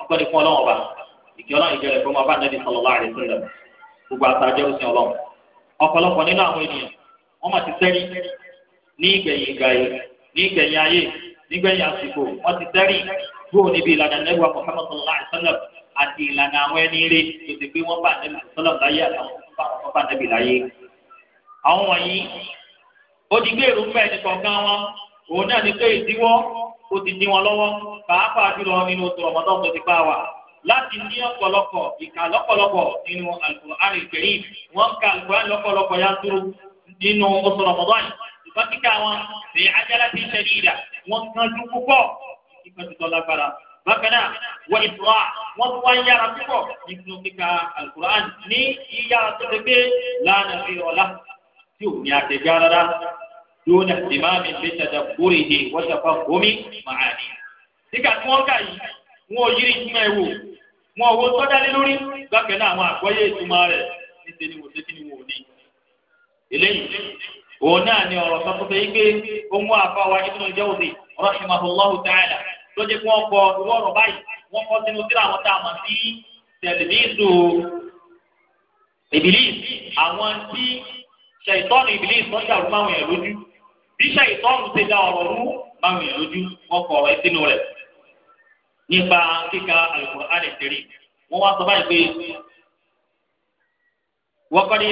S1: أقول لكم الله أبا ìkí ọlọ́run ìjọ rẹ̀ fún ọba nàbí sallallahu alaihi wasallam gbogbo àtàjọ òsìn ọlọ́run ọ̀pọ̀lọpọ̀ nínú àwọn ènìyàn wọ́n mà ti sẹ́rí ní ìgbẹ̀yìn ìgbàyè ní ìgbẹ̀yìn ayé nígbẹ̀yìn àsìkò wọ́n ti sẹ́rí gbóò níbi ìlànà nẹ́wà Muhammad sallallahu alaihi wasallam àti ìlànà àwọn ẹni rí tó ti gbé wọ́n bá nàbí sallallahu láyé àtàwọn tó bá nàbí láyé. àwọn wọ̀nyí odigbèrú mẹ́rin kọ̀ọ̀kan wọn òun náà ní pé ìdíwọ́ ó ti dín wọn lọ́wọ́ pàápàá jùlọ nínú oṣù ọmọdé ọ̀tọ̀ ti bá wa láti ní ọ̀pọ̀lọpọ̀ ìka lọ́pọ̀lọpọ̀ nínú Al-Qur'an Al-Karim wọ́n ń ka Al-Qur'an lọ́pọ̀lọpọ̀ yanturu nínú oṣù ọmọdé ìbá kíkà wọn ní ajálá ti ṣe ní ìdá wọ́n kánjú púpọ̀ ìgbà tó lágbára bákan náà wọ́n ìtura wọ́n tún wá yára púpọ̀ nínú kíkà al ní yíyára tó ti gbé lánàá fi ọ̀la دون اهتمام بتدبره وتفهم معانيه. Síkà tí wọ́n kà yìí, wọn ò yiri ìtumọ̀ ẹ̀wò, wọn ò wo tọ́jà lé lórí, gbàgbé náà àwọn àgbọ́yé ìtumọ̀ rẹ̀ níṣẹ́ ni wọ́n ṣe kí ni wọ́n ní. Eléyìí, òun náà ni ọ̀rọ̀ sọ fúnfẹ́ yìí pé ohun àfàwà Ibn al-Jawzi, rahimahullahu ta'ala, tó jẹ́ kí wọ́n kọ irú ọ̀rọ̀ báyìí, wọ́n kọ́ bíṣà ìtọ́nù ti da ọ̀rọ̀ rú báwọn èèyàn lójú wọn kọ ọ̀rọ̀ ẹsẹ̀ nù rẹ̀ nípa kíka Al-Qur'an al wá sọ báyìí pé wọ́n kọ́ ni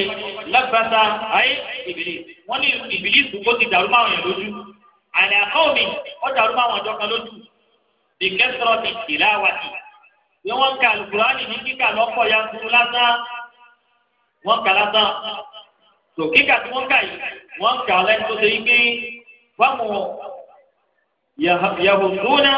S1: lágbàtà ayé Iblis wọ́n ní Iblis ìsúkó ti dàrú máwọn èèyàn lójú àlẹ́ àkọ́wò mi ó dàrú máwọn ọ̀dọ́ kan lójú bí kẹ́sọ̀rọ̀ ti tìlá wa ti bí wọ́n ka Al-Qur'an ní kíkà lọ́pọ̀ yanturu lásán wọ́n kà lásán tó kíkà tí wọ́n kà yìí wọ́n kà á lẹ́nu tó ṣe yí pé wàmù yahuduna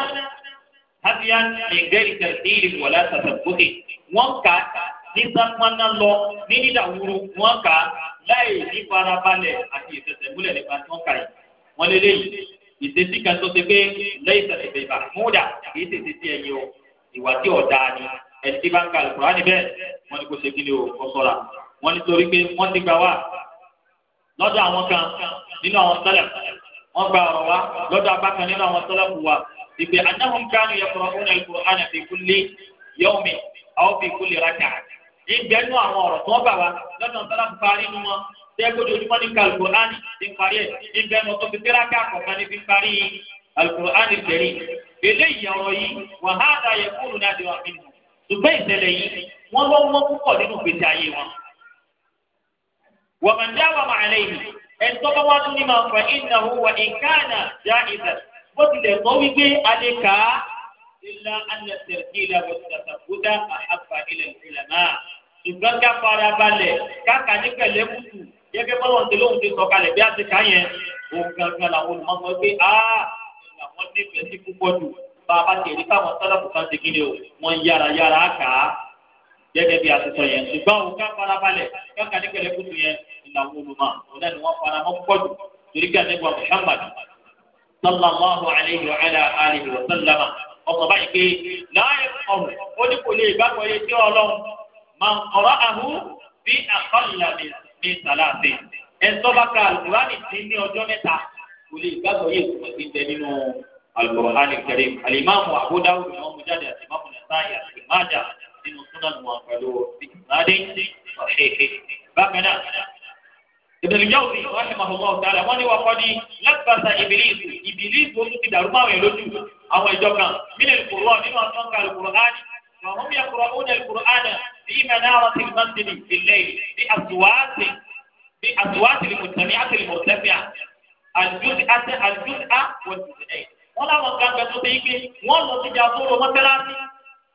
S1: hafiya nìgẹ́rì tẹ̀síìlì wọ̀lá tàtàkùkì wọ́n kà á ní sápánná lọ ní nídàwúrú wọ́n kà á láì ní farabalẹ̀ àti ìfẹsẹ̀múlẹ̀ nípa tí wọ́n kà yìí wọ́n lé léyìí ìṣesí kan tó ṣe pé lẹ́yìn tẹ̀síìlì ìbàmúdà kì í ṣèṣe sí ẹ̀yìn o ìwà tí ọ̀dà ni ẹtí bá ń ka àlùkùránì bẹ́ẹ̀ wọ́n ní kó ṣe kí ni o kó sọ́ra wọ́n ní torí pé wọ́n ti gbà wá
S2: lọ́dọ̀ àwọn kan
S1: nínú àwọn sálẹ̀ wọ́n gba ọ̀rọ̀ wa lọ́dọ̀ apá kan nínú àwọn sálẹ̀ kù wa ìpè anáhùn kánú yẹ kọ̀rọ̀ fún ẹ̀kọ́ àná fi kú lé yọ̀ọ̀mì àwọn fi kú lè rákà. ìgbẹ́nu àwọn ọ̀rọ̀ tó ń bà wá lọ́dọ̀ sálẹ̀ kù parí nu wọn tẹ́gbọ́dọ̀ ojúmọ́ ní ka alukur'ani ti parí ẹ̀ ìgbẹ́nu tó fi tẹ́ráká kọ̀ọ̀kan ní fi parí alukur'ani tẹ̀lé. eléyìí ọ̀rọ̀ yìí wàhálà ومن داوم عليه ẹni tó bá wá tún ní máa fà innahu wa in kana ja'izan bó tilẹ̀ tó wípé alẹ́ ká ilá anẹsẹ̀ kí ilá wọ́n ti tàtà kódà àhàfà ilẹ̀ ìlà ká fara ní pẹ̀lẹ́ kùtù gẹ́gẹ́ bọ́lọ̀ ní lóhùn ti sọ̀kalẹ̀ bí a ti ká yẹn òun gangan làwọn olùmọ̀sán pé a làwọn nífẹ̀ẹ́ sí púpọ̀ jù bá tẹ̀lé káwọn sálàkùn kan ti kí ni o wọ́n yára yára kà á gẹ́gẹ́ bí asosọ yẹn ṣùgbọ́n òun ká farabalẹ̀ káka ní pẹ̀lẹ́kùtù yẹn ìlànà olùmọ̀ òun náà ni wọ́n fara mọ́ pọ̀jù torí ká ní wa Muhammad sallallahu alayhi wa ala alihi wa sallama ọkọ̀ báyìí pé láàyè ọ̀hún ó ní kò lè gbàgbọ́ yé tí ọlọ́run máa ń ọ̀rọ̀ àhú bí àkọlà mi sàlàsì ẹ̀sọ́ bá ka alukurani ti ní ọjọ́ mẹ́ta kò lè gbàgbọ́ yé ìtumọ̀ ti bẹ nínú alukurani karim alimamu Abu Dawud ni wọ́n mú jáde àti mamu Nasa'i àti Majah sínú súnà nù wọn pẹ̀lú ìgbàdé ọ̀ṣẹ̀ṣẹ̀ bákan náà. Ibn al-Jawzi rahimahullah ta'ala wọ́n ní wọ́n kọ́ ní lẹ́gbàtà ìbílíìsì ìbílíìsì oṣù ti dàrú máa wẹ̀ lójú àwọn ìjọ kan nínú ìkùrọ̀ nínú àwọn kan al-Qur'an وهم يقرؤون القرآن في منارة المسجد في الليل بأصوات بأصوات المجتمعات المرتفعة الجزء الجزء والجزئين ولا وكان بتوتيكي ولا تجاوزوا متلاتي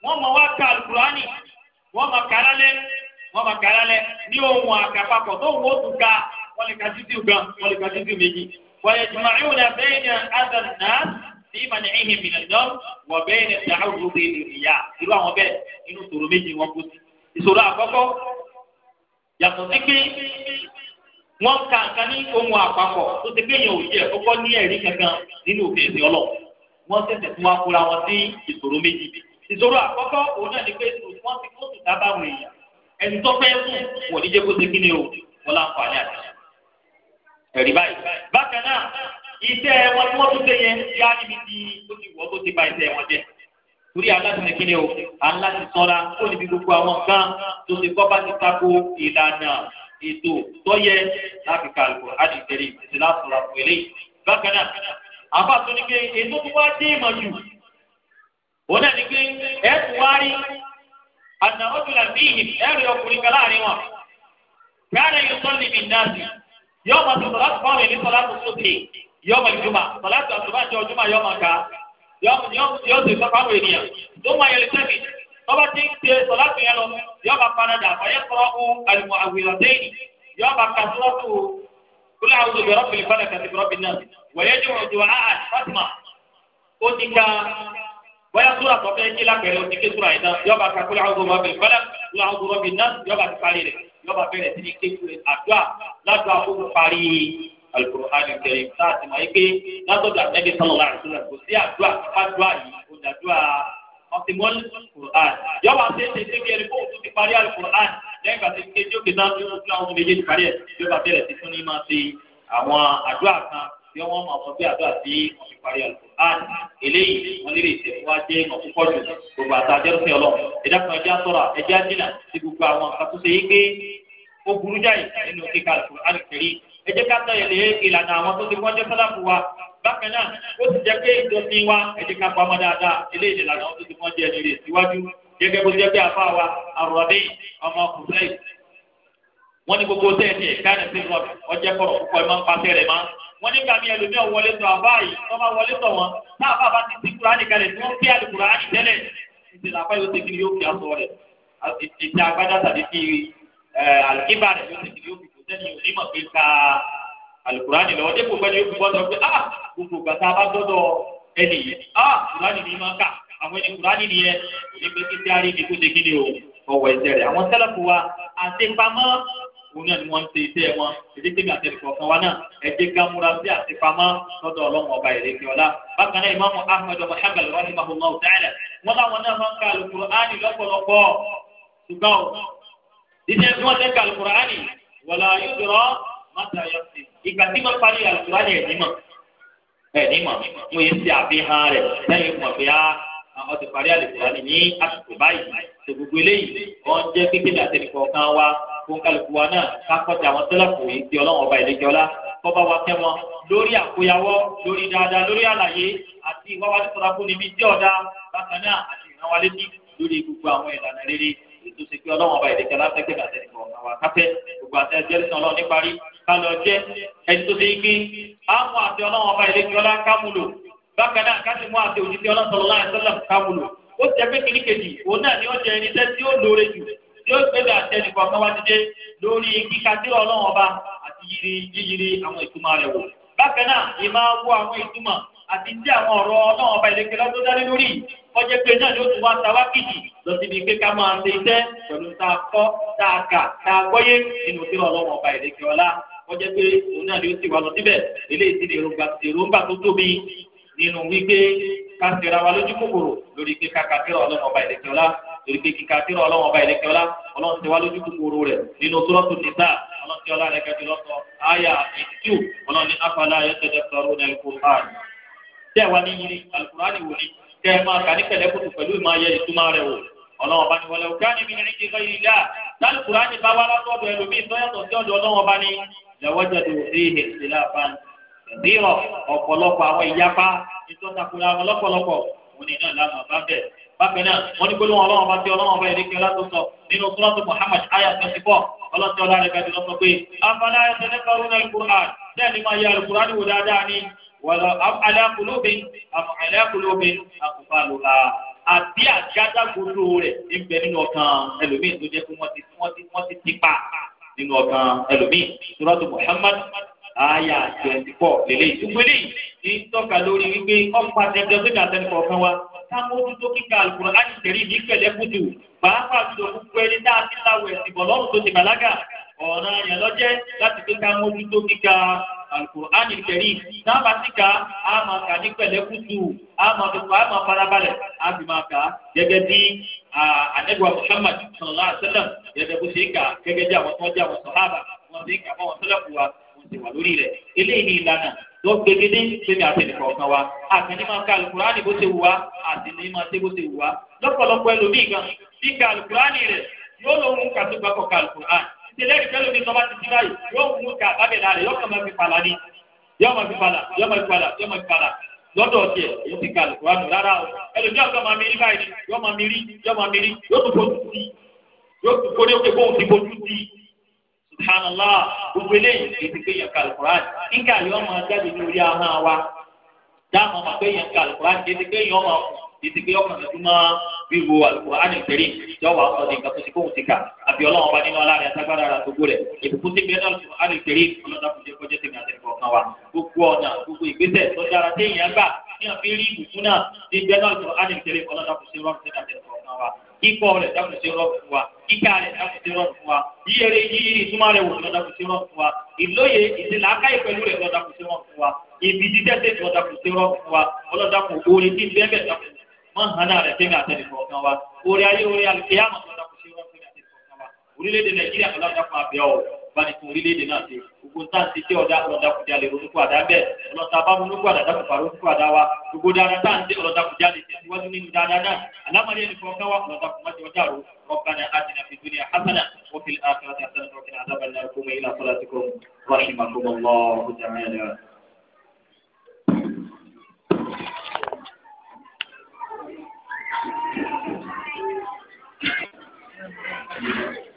S1: wọ́n mọ̀ wá ka alukurani wọ́n mọ̀ kàrà lẹ̀ wọ́n mọ̀ kàrà lẹ̀ ní ohun àgàpapọ̀ tó wọ́n tún ka wọ́n lè ka títí gan wọ́n lè ka títí méjì. wọ́n yẹ jùmọ̀ ìwọ̀n náà bẹ́ẹ̀ ni adàn náà ní ìmọ̀nà ìhìn mi lẹ́yìn wọ́n bẹ́ẹ̀ ni dàá òdòdó ìyá irú àwọn bẹ́ẹ̀ inú ìṣòro méjì wọn kú sí. ìṣòro àkọ́kọ́ yàtọ̀ sí pé wọ́n ka nǹkan ní ohun àpapọ̀ tó ti pé èèyàn ò jẹ́ kọ́kọ́ ní ẹ̀rí kankan nínú òfin ìsìn ọlọ́ wọ́n tẹ̀sẹ̀ tún wá kóra wọn sí ìṣòro méjì bíi ìṣòro àkọ́kọ́ òun náà ni pé wọ́n ti kóòtù dábàá àwọn èèyàn ẹni tó fẹ́ fún wọ́n ní jẹ́ kó ṣe kí ni o wọ́n láǹfààní àti ẹ̀rí báyìí. bákan náà iṣẹ́ wọn tí wọ́n tún ṣe yẹn yá níbi tí ó ti wọ́ tó ti ba iṣẹ́ wọn jẹ́ torí aláṣẹ kí ni o aláṣẹ sọ́ra ó níbi gbogbo àwọn nǹkan tó ti kọ́ bá ti tako ìlànà ètò tọ́yẹ láti ka àlùkò àdìsẹ́rì ìsìláṣọ́ra fún eléyìí. bákan náà àbá tó ní pé ètò tó wọn náà ní pé ẹ̀sùn wá rí àná ọ̀dùnà bíi ẹ̀rí ọkùnrin kan láàrin wọn káàdà yóò tọ́ níbi náàsì yóò máa tó sọ̀lá fún àwọn èmi sọ̀lá tó sókè yóò máa jùmọ̀ sọ̀lá tó àtúbà jọ jùmọ̀ yóò máa ká yóò sì sọ fáwọn ènìyàn tó máa yẹ lẹ́sẹ̀mì tọ́ba ti ń ṣe sọ̀lá tó yẹn lọ yóò máa paradà àfọyẹ́ sọ̀rọ̀ kú àlùmọ̀ àwìrọ̀ déyìí yóò máa ka bóyá súra tó fẹ́ jí lápẹ̀rẹ̀ o ti ké súra yìí tán yọba ká kúlẹ̀ àwọn ọmọ bẹ̀rẹ̀ fẹ́lẹ̀ kúlẹ̀ àwọn ọmọ bẹ̀rẹ̀ náà yọba ti parí rẹ̀ yọba bẹ̀rẹ̀ sí ní ké kúlẹ̀ àdúrà ládùá ó ti parí alukur'an kẹrin tá a ti máa yí pé látọ̀dọ̀ àtẹ́bí sọlọ́lá àti sọlọ́lá kò sí àdúrà àdúrà yìí kò dàdúrà ọ̀sìmọ́lì alukur'an yọba ṣe ṣe ṣe bí ẹni kó o tún ti parí alukur'an lẹ́yìn ìgbà tí kéjì òkè náà tó ń tún àwọn ọmọ méjèèjì parí ẹ̀ yọba bẹ̀rẹ̀ sí fún ní máa ṣe àwọn àdúrà kan tí wọ́n mọ̀ fún bí àdúrà tí wọ́n fi parí Al-Qur'an eléyìí wọ́n lè ṣe wá jẹ́ ìmọ̀ púpọ̀ jù gbogbo àti àjẹrúfẹ́ ọlọ́run ẹ̀dá kan ẹja sọ̀rọ̀ ẹja jìnnà sí gbogbo àwọn àtúnṣe yìí pé ó burú jáì nínú kíkà Al-Qur'an Al-Karim ẹ jẹ́ ká tẹ̀yẹ̀ lé ìlànà àwọn tó ti wọ́n jẹ́ sọ́dàpù wa bákan náà ó ti jẹ́ pé ìjọsìn wa ẹ jẹ́ ká pamọ́ dáadáa eléyìí ìlànà àwọn tó ti wọ́n jẹ́ ẹni rè síwájú gẹ́gẹ́ bó jẹ́ pé àfa wa àròdé ọmọ kùsẹ́yì wọ́n ní gbogbo tẹ́ẹ̀tì ẹ̀ká ẹ̀ sí rọ̀bì ọjẹ́ kọ̀rọ̀ púpọ̀ ẹ̀ máa ń pa tẹ́rẹ̀ máa wọ́n ní kàmí ẹlòmíì ọ̀wọ́lé tọ̀ àbá yìí tó bá wọlé tọ̀ wọn náà bàbá ti ti kúránì kalẹ̀ tí wọ́n fi àlùkùránì tẹ́lẹ̀ ìṣẹ̀lẹ̀ àbá yóò tẹ̀kí yóò fi aṣọ rẹ̀ ìṣe agbádá tàbí fi àlùkíbà rẹ̀ yóò tẹ̀kí yóò fi kò sẹ́ni onímọ̀ pé ka àlùkùránì lọ dépò pẹ́ni yóò fi bọ́ sọ pé ah gbogbo gbàtà bá dọ́dọ̀ ẹnì yìí ah kùránì ni máa kà àwọn ẹni kùránì ni yẹ ní pé kí òun náà ni wọ́n ń ṣe iṣẹ́ wọn èdè tèmi àtẹnì kọ̀ọ̀kan wa náà ẹ̀jẹ̀ ká múra sí àtìpamọ́ lọ́dọ̀ ọlọ́run ọba ìrèké ọ̀la bákan náà ìmáàmù ahmed ọmọ hanbal rahimahullahu ta'ala wọn láwọn náà máa ń ka alukur'ani lọ́pọ̀lọpọ̀ ṣùgbọ́n iṣẹ́ tí wọ́n ti ń ka alukur'ani wala yudra mata yọ̀sí ìgbà tí wọ́n parí alukur'ani ẹ̀ nímọ̀ ẹ̀ nímọ̀ mo yẹ ti àfihàn rẹ̀ lẹ́yìn kónkálukú wa náà kákọ́tì àwọn sẹ́lẹ̀kù yìí ti ọlọ́run ọba ìlẹ́jọ́lá kọ́ba wa kẹ́ wọn lórí àkóyawọ́ lórí dáadáa lórí àlàyé àti ìwáwá ní sọ́dá fún níbi tí ọ̀dà bákan náà àti ìrànwá létí lórí gbogbo àwọn ìlànà rere ètò ìsìnkú ọlọ́run ọba ìlẹ́jọ́lá fẹ́kẹ́ àti ẹnìkọ̀ọ̀kan wa káfẹ́ gbogbo àti ẹjẹ́ lẹ́sìn ọlọ́run níparí kálọ̀ jẹ́ ẹni tó ṣe ike àwọn àti ọlọ́run ọba ìlẹ́jọ́lá kámúlò bákan náà káṣí mú àti òjijì ọlọ́run sọ̀rọ̀ láì ni ó jẹ́ ẹni tẹ́ tí ó yóò gbẹ́dọ̀ àtẹnì kọ̀ọ̀kan wá dídé lórí kíka sí ọlọ́run ọba àti yíyiri àwọn ìtumọ̀ rẹ̀ wò. bákan náà ì máa wọ àwọn ìtumọ̀ àti tí àwọn ọ̀rọ̀ ọlọ́run ọba ìlẹ́kẹ̀ lọ́dún dálé lórí kọjá pé náà yóò tún wá ta wákìtì lọ síbi pé ká máa ṣe iṣẹ́ pẹ̀lú tá a kọ́ tá a kà tá a gbọ́yé nínú sí ọlọ́run ọba ìlẹ́kẹ̀ ọlá kọjá pé òun náà yóò sì wá lọ síbẹ̀ eléyìí ti èròǹgbà tó tóbi nínú wípé ká ṣèrà wa lójú kòkòrò lórí pé ká kàkẹ́rọ̀ ọlọ́run ọba ìlẹ́kẹ̀ ọlá torí pé kíkà tí ọlọ́wọ́n ọba ìlẹ́kẹ́ ọlá ọlọ́run ti wá lójú kòkòrò rẹ̀ nínú sọ́ọ̀tù nìta ọlọ́run ti ọlá rẹ̀ kẹ́kẹ́ lọ́sọ̀ àyà ìtú ọlọ́run ní afala ayọ́tẹ̀dẹ̀ sọ̀rọ̀ ní alukur'an. tẹ́ wa ní yiri alukur'an wò ni tẹ́ ẹ máa kà ní kẹlẹ́kùtù pẹ̀lú ìmáa yẹ ìtumọ̀ rẹ̀ wò ọlọ́wọ́n bá ní wọlé òkè ànínmí ní ìdí ìgbà yìí dá alukur'an bá wà látọ̀dọ̀ ẹlòmíì sọ́yàtọ̀ sí ọ̀dọ̀ ọlọ́wọ́n bá ní lẹ́wọ́jọ́dọ̀ òfin ìṣẹ̀lẹ̀ àfáàní ìdírọ̀ ọ̀pọ̀lọpọ̀ àwọn ìyapa ìtọ́takùnrin àwọn ni náà lánàá bákan náà wọ́n ní gbólóhùn ọlọ́run bá ti ọlọ́run bá ìdíkẹ́ látọ̀tọ̀ nínú sọ́lọ́tù muhammad aya twenty four ọlọ́tí ọlá rẹ̀ gàdúrà sọ pé afala yatadabbaruna al-Qur'an sẹ́ẹ̀ni máa yẹ al-Qur'an wò dáadáa ni wàlọ́ ala qulubin am ala qulubin aqfaluha àbí àjàdàgbòdo rẹ̀ ń bẹ nínú ọkàn ẹlòmíín tó jẹ́ pé wọ́n ti wọ́n ti wọ́n ti tipa nínú ọkàn ẹlòmíín sọ́lọ́tù muhammad aya twenty four lélẹ́yìn. ìwé lè ń tọ́ka lórí wípé kámójútó kíkà àlùkò láti tẹ̀lé ní pẹ̀lẹ́kùtù pàápàá jùlọ gbogbo ẹni tá a ti láwọ̀ ẹ̀sìn bọ̀ lọ́rùn tó ti bàlágà ọ̀ràn yẹn lọ́jẹ́ láti pé kámójútó kíkà alukur'ani kẹri n'aba ti ka ama ka ní pẹ̀lẹ́kùtù ama fi fa ama farabalẹ̀ abi ma ka gẹ́gẹ́ bí anagba muhammad sallallahu alaihi wa sallam gẹ́gẹ́ bó ṣe ka gẹ́gẹ́ bí àwọn tó wọ́n gbẹgẹdẹ fẹmi àtẹnìkọ kan wa àtẹnì máa ka alukurani bó ṣe wù wá àtẹnì máa ṣe bó ṣe wù wá lọ́pọ̀lọpọ̀ ẹlòmíì gan bí ka alukurani rẹ yóò lọ mú kàtúgbà kọ ka alukurani ìṣẹ̀lẹ̀ ìṣẹ̀lẹ̀ omi tọba ti ti báyìí yóò mú ka abẹlẹ rẹ yóò kàn máa fi pala ní yóò máa fi pala yóò máa fi pala yóò máa fi pala lọ́dọ̀ tiẹ̀ yóò fi ka alukurani rárá o ẹlòmíì ọ̀gá máa mi rí báyìí yóò mi rí yóò mi rí yóò tún fojú sí yóò tún forí subhanallah gbogbo eléyìí kì í ti pé yẹn ka alukur'an nígbà yóò máa jáde ní orí ahọ́n wa dáhùn ọmọ pé yẹn ka alukur'an kì í ti pé yẹn ọmọ kì í ti pé ọkàn tó máa wíwo alukur'an ìtẹ̀rí jọ̀wọ́ àwọn ọ̀sán ní nǹkan tó ti kóhùn ti kà àbí ọlọ́run wa nínú aláàrẹ àtàgbára rà kíkọ́ rẹ̀ dákun sí rọrùn fún wa kíkà rẹ̀ dákun sí rọrùn fún wa yíyẹrẹ yíyí ìtumọ̀ rẹ̀ wò lọ dákun sí rọrùn fún wa ìlóye ìdílàákàyè pẹ̀lú rẹ̀ lọ dákun sí rọrùn fún wa ibi dídẹ́sẹ̀ lọ dákun sí rọrùn fún wa ọlọ́dàkùn orin tí bẹ́ẹ̀ bẹ́ẹ̀ dákun mọ́ hànà rẹ̀ fẹ́mi àtẹnìkọ̀ọ̀kan wa orí ọ̀bánikun orílẹ̀-èdè náà ṣe gbogbo ń tàn sí tí ọ̀dà ọ̀dàkùnjà lè ronú padà bẹ́ẹ̀ ọlọ́ta bá ronú padà dákùnfà ronú padà wa gbogbo dáadáa tá à ń dé ọ̀dàkùnjà lè tẹ̀síwájú nínú dáadáa náà alámọ̀lé ẹni kọ̀ọ̀kan wà ọ̀dàkùnmá ti ọjà ro ربنا آتنا في الدنيا حسنة وفي الآخرة حسنة وقنا عذاب النار قوموا إلى صلاتكم رحمكم الله تعالى Thank you.